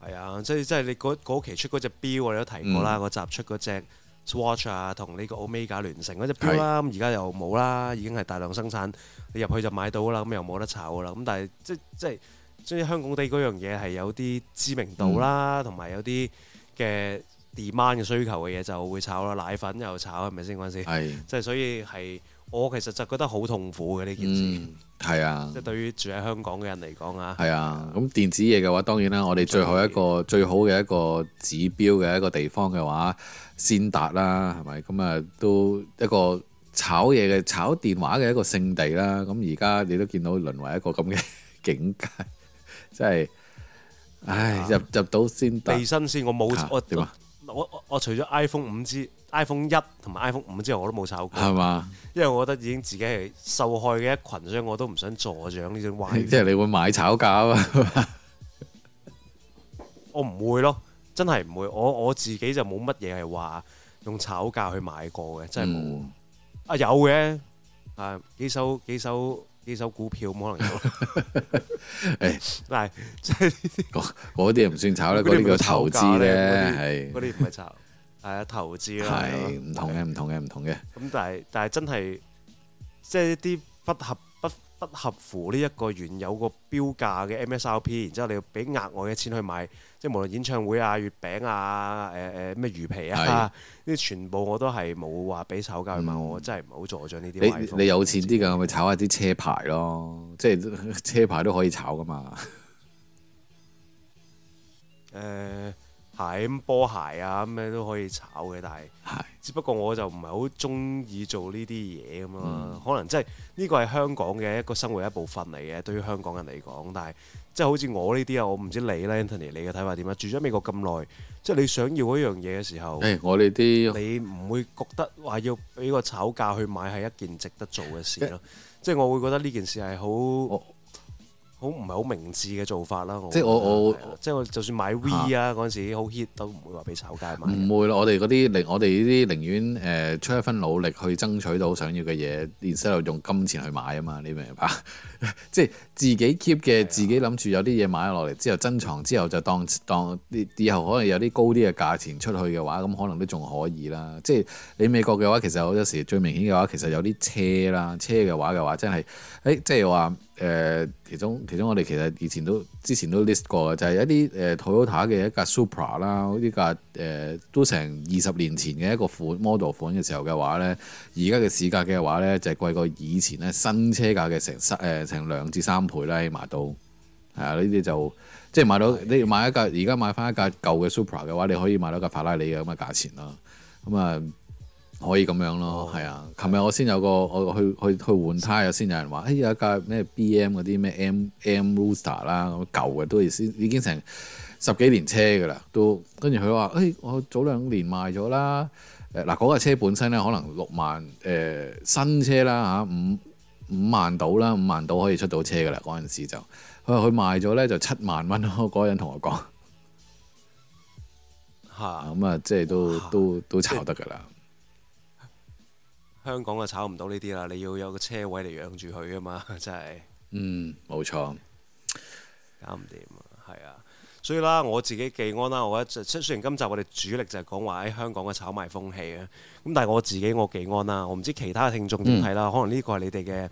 係啊，即係即係你嗰嗰期出嗰隻錶，我哋都提過啦。個集出嗰隻 Swatch 啊，同呢個 Omega 聯乘嗰隻錶啦，咁而家又冇啦，已經係大量生產，你入去就買到啦，咁又冇得炒啦。咁但係即即係。所以香港地嗰樣嘢係有啲知名度啦，同埋、嗯、有啲嘅 demand 嘅需求嘅嘢就會炒啦，奶粉又炒，係咪先嗰陣時？係，即係所以係我其實就覺得好痛苦嘅呢件事。係、嗯、啊，即係對於住喺香港嘅人嚟講啊。係啊，咁電子嘢嘅話，當然啦，嗯、我哋最後一個、嗯、最好嘅一個指標嘅一個地方嘅話，先達啦，係咪？咁啊，都一個炒嘢嘅炒電話嘅一個聖地啦。咁而家你都見到淪為一個咁嘅境界。即係，唉，入入到先地，S、啊、先地。新鮮，我冇我點啊？我我，我除咗 iPhone 五 G、iPhone 一同埋 iPhone 五之外，我都冇炒過。係嘛嗎？因為我覺得已經自己係受害嘅一群，所以我都唔想助長呢種壞。即係你會買炒價啊？ 我唔會咯，真係唔會。我我自己就冇乜嘢係話用炒價去買過嘅，真係冇、嗯啊。啊有嘅，啊幾首幾首。呢手股票冇可能有啦！誒，嗱，即係呢啲又唔算炒啦，嗰啲叫投資咧，係嗰啲唔係炒，係啊投資啦，係唔同嘅，唔同嘅，唔同嘅。咁但係但係真係，即係一啲不合。不合乎呢一個原有個標價嘅 MSRP，然之後你要俾額外嘅錢去買，即係無論演唱會啊、月餅啊、誒誒咩魚皮啊，呢啲的全部我都係冇話俾炒價去買、嗯，我真係唔好助長呢啲。你有錢啲㗎，咪炒下啲車牌咯，即係車牌都可以炒噶嘛。誒、 呃。鞋，波鞋啊咩都可以炒嘅，但係是只不過我就唔係好中意做呢啲嘢咁咯。嗯、可能即係呢個係香港嘅一個生活一部分嚟嘅，對於香港人嚟講。但係即係好似我呢啲啊，我唔知你咧，Anthony，你嘅睇法點啊？住咗美國咁耐，即、就、係、是、你想要一樣嘢嘅時候，欸、我呢啲你唔會覺得話要俾個炒價去買係一件值得做嘅事咯。即係、欸、我會覺得呢件事係好。好唔係好明智嘅做法啦！即係我我即係我，就算買 V、e、啊嗰陣、啊、時好 hit 都唔會話俾炒家買。唔會啦！我哋嗰啲，我哋呢啲寧願誒、呃、出一分努力去爭取到想要嘅嘢，然之後用金錢去買啊嘛！你明唔明白？ 即係自己 keep 嘅，啊、自己諗住有啲嘢買落嚟之後珍藏，之後就當當，以後可能有啲高啲嘅價錢出去嘅話，咁可能都仲可以啦。即係你美國嘅話，其實有時最明顯嘅話，其實有啲車啦，車嘅話嘅話，真係誒，即係話。誒，其中其中我哋其實以前都之前都 list 過，就係一啲誒 Toyota 嘅一架 Supra 啦，呢架誒都成二十年前嘅一個款 model 款嘅時候嘅話咧，而家嘅市價嘅話咧，就係貴過以前咧新車價嘅成三誒成兩至三倍啦，起碼都係啊！呢啲就即係買到的你要買一架而家買翻一架舊嘅 Supra 嘅話，你可以買到架法拉利嘅咁嘅價錢咯，咁啊～、嗯可以咁樣咯，係、哦、啊！琴日我先有個，我去去去換胎有、欸。有先有人話，哎有一架咩 B M 嗰啲咩 M M Rooster 啦，咁舊嘅都先已經成十幾年車噶啦，都跟住佢話，哎、欸，我早兩年賣咗啦。誒、啊、嗱，嗰架車本身咧可能六萬誒、呃、新車啦嚇、啊，五五萬到啦，五萬到可以出到車噶啦，嗰陣時就佢話佢賣咗咧就七萬蚊咯，嗰人同我講。吓哈，咁啊，即係都哇都都，都炒得噶啦。香港啊，炒唔到呢啲啦！你要有個車位嚟養住佢啊嘛，真係。嗯，冇錯，搞唔掂，係啊。所以啦，我自己忌安啦。我覺得，雖然今集我哋主力就係講話喺香港嘅炒賣風氣啊，咁但係我自己我忌安啦。我唔知其他嘅聽眾點睇啦。嗯、可能呢個係你哋嘅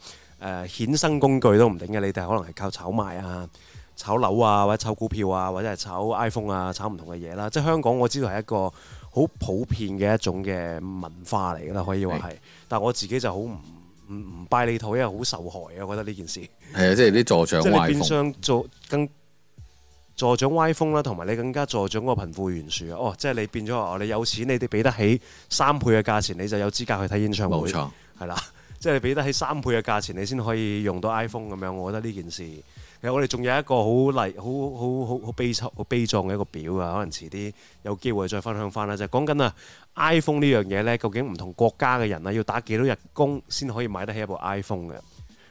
誒衍生工具都唔定嘅，你哋可能係靠炒賣啊、炒樓啊或者炒股票啊或者係炒 iPhone 啊炒唔同嘅嘢啦。即係香港我知道係一個。好普遍嘅一種嘅文化嚟噶啦，可以話係。的但係我自己就好唔唔唔拜你套，因為好受害啊！我覺得呢件事係啊，即係啲助長，即係變相助更助長歪風啦，同埋你更加助長個貧富懸殊啊！哦，即係你變咗話，你有錢，你哋俾得起三倍嘅價錢，你就有資格去睇演唱會。冇錯，係啦，即係你俾得起三倍嘅價錢，你先可以用到 iPhone 咁樣。我覺得呢件事。其實我哋仲有一個好例，好好好悲慘、好悲壯嘅一個表啊！可能遲啲有機會再分享翻啦，就係、是、講緊啊 iPhone 呢樣嘢呢，究竟唔同國家嘅人啊，要打幾多日工先可以買得起一部 iPhone 嘅？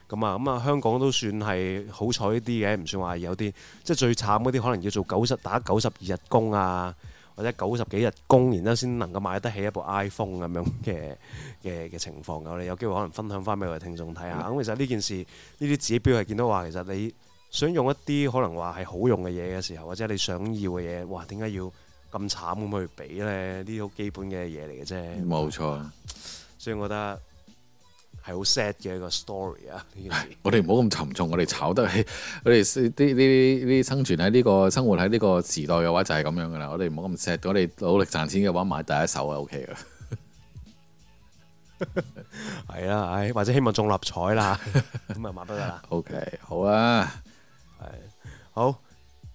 咁啊咁啊、嗯，香港都算係好彩啲嘅，唔算話有啲即係最慘嗰啲，可能要做九十打九十二日工啊，或者九十幾日工，然之後先能夠買得起一部 iPhone 咁樣嘅嘅嘅情況。嗯嗯、我哋有機會可能分享翻俾我哋聽眾睇下。咁、嗯嗯、其實呢件事呢啲指標係見到話，其實你。想用一啲可能話係好用嘅嘢嘅時候，或者你想要嘅嘢，哇！點解要咁慘咁去比咧？呢啲好基本嘅嘢嚟嘅啫，冇錯。所以我覺得係好 sad 嘅一個 story 啊！唉我哋唔好咁沉重，我哋炒得，起，我哋啲呢啲呢啲生存喺呢、這個生活喺呢個時代嘅話就係咁樣噶啦。我哋唔好咁 sad，如果你努力賺錢嘅話買第一手就 O K 噶啦。係 啊， 或者希望中立彩啦，咁啊 買得啦。O、okay, K，好啊。好，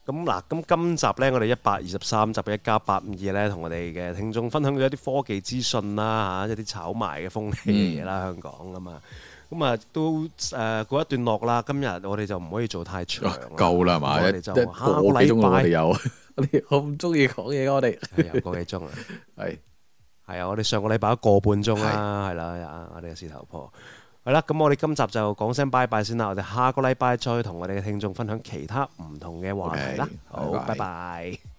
咁嗱，咁今集咧，我哋一百二十三集嘅一家八五二咧，同我哋嘅聽眾分享咗一啲科技資訊啦，吓一啲炒賣嘅風氣嘅嘢啦，香港啊嘛，咁啊都誒過一段落啦。今日我哋就唔可以做太長，夠啦嘛，我哋就一個幾鐘我哋有，我哋好唔中意講嘢，我哋個幾鐘啊，係係啊，我哋上個禮拜一個半鐘啦，係啦，我哋事頭婆。好啦，咁我哋今集就講聲拜拜先啦。我哋下個禮拜再同我哋嘅聽眾分享其他唔同嘅話題啦。Okay, 好，拜拜。拜拜。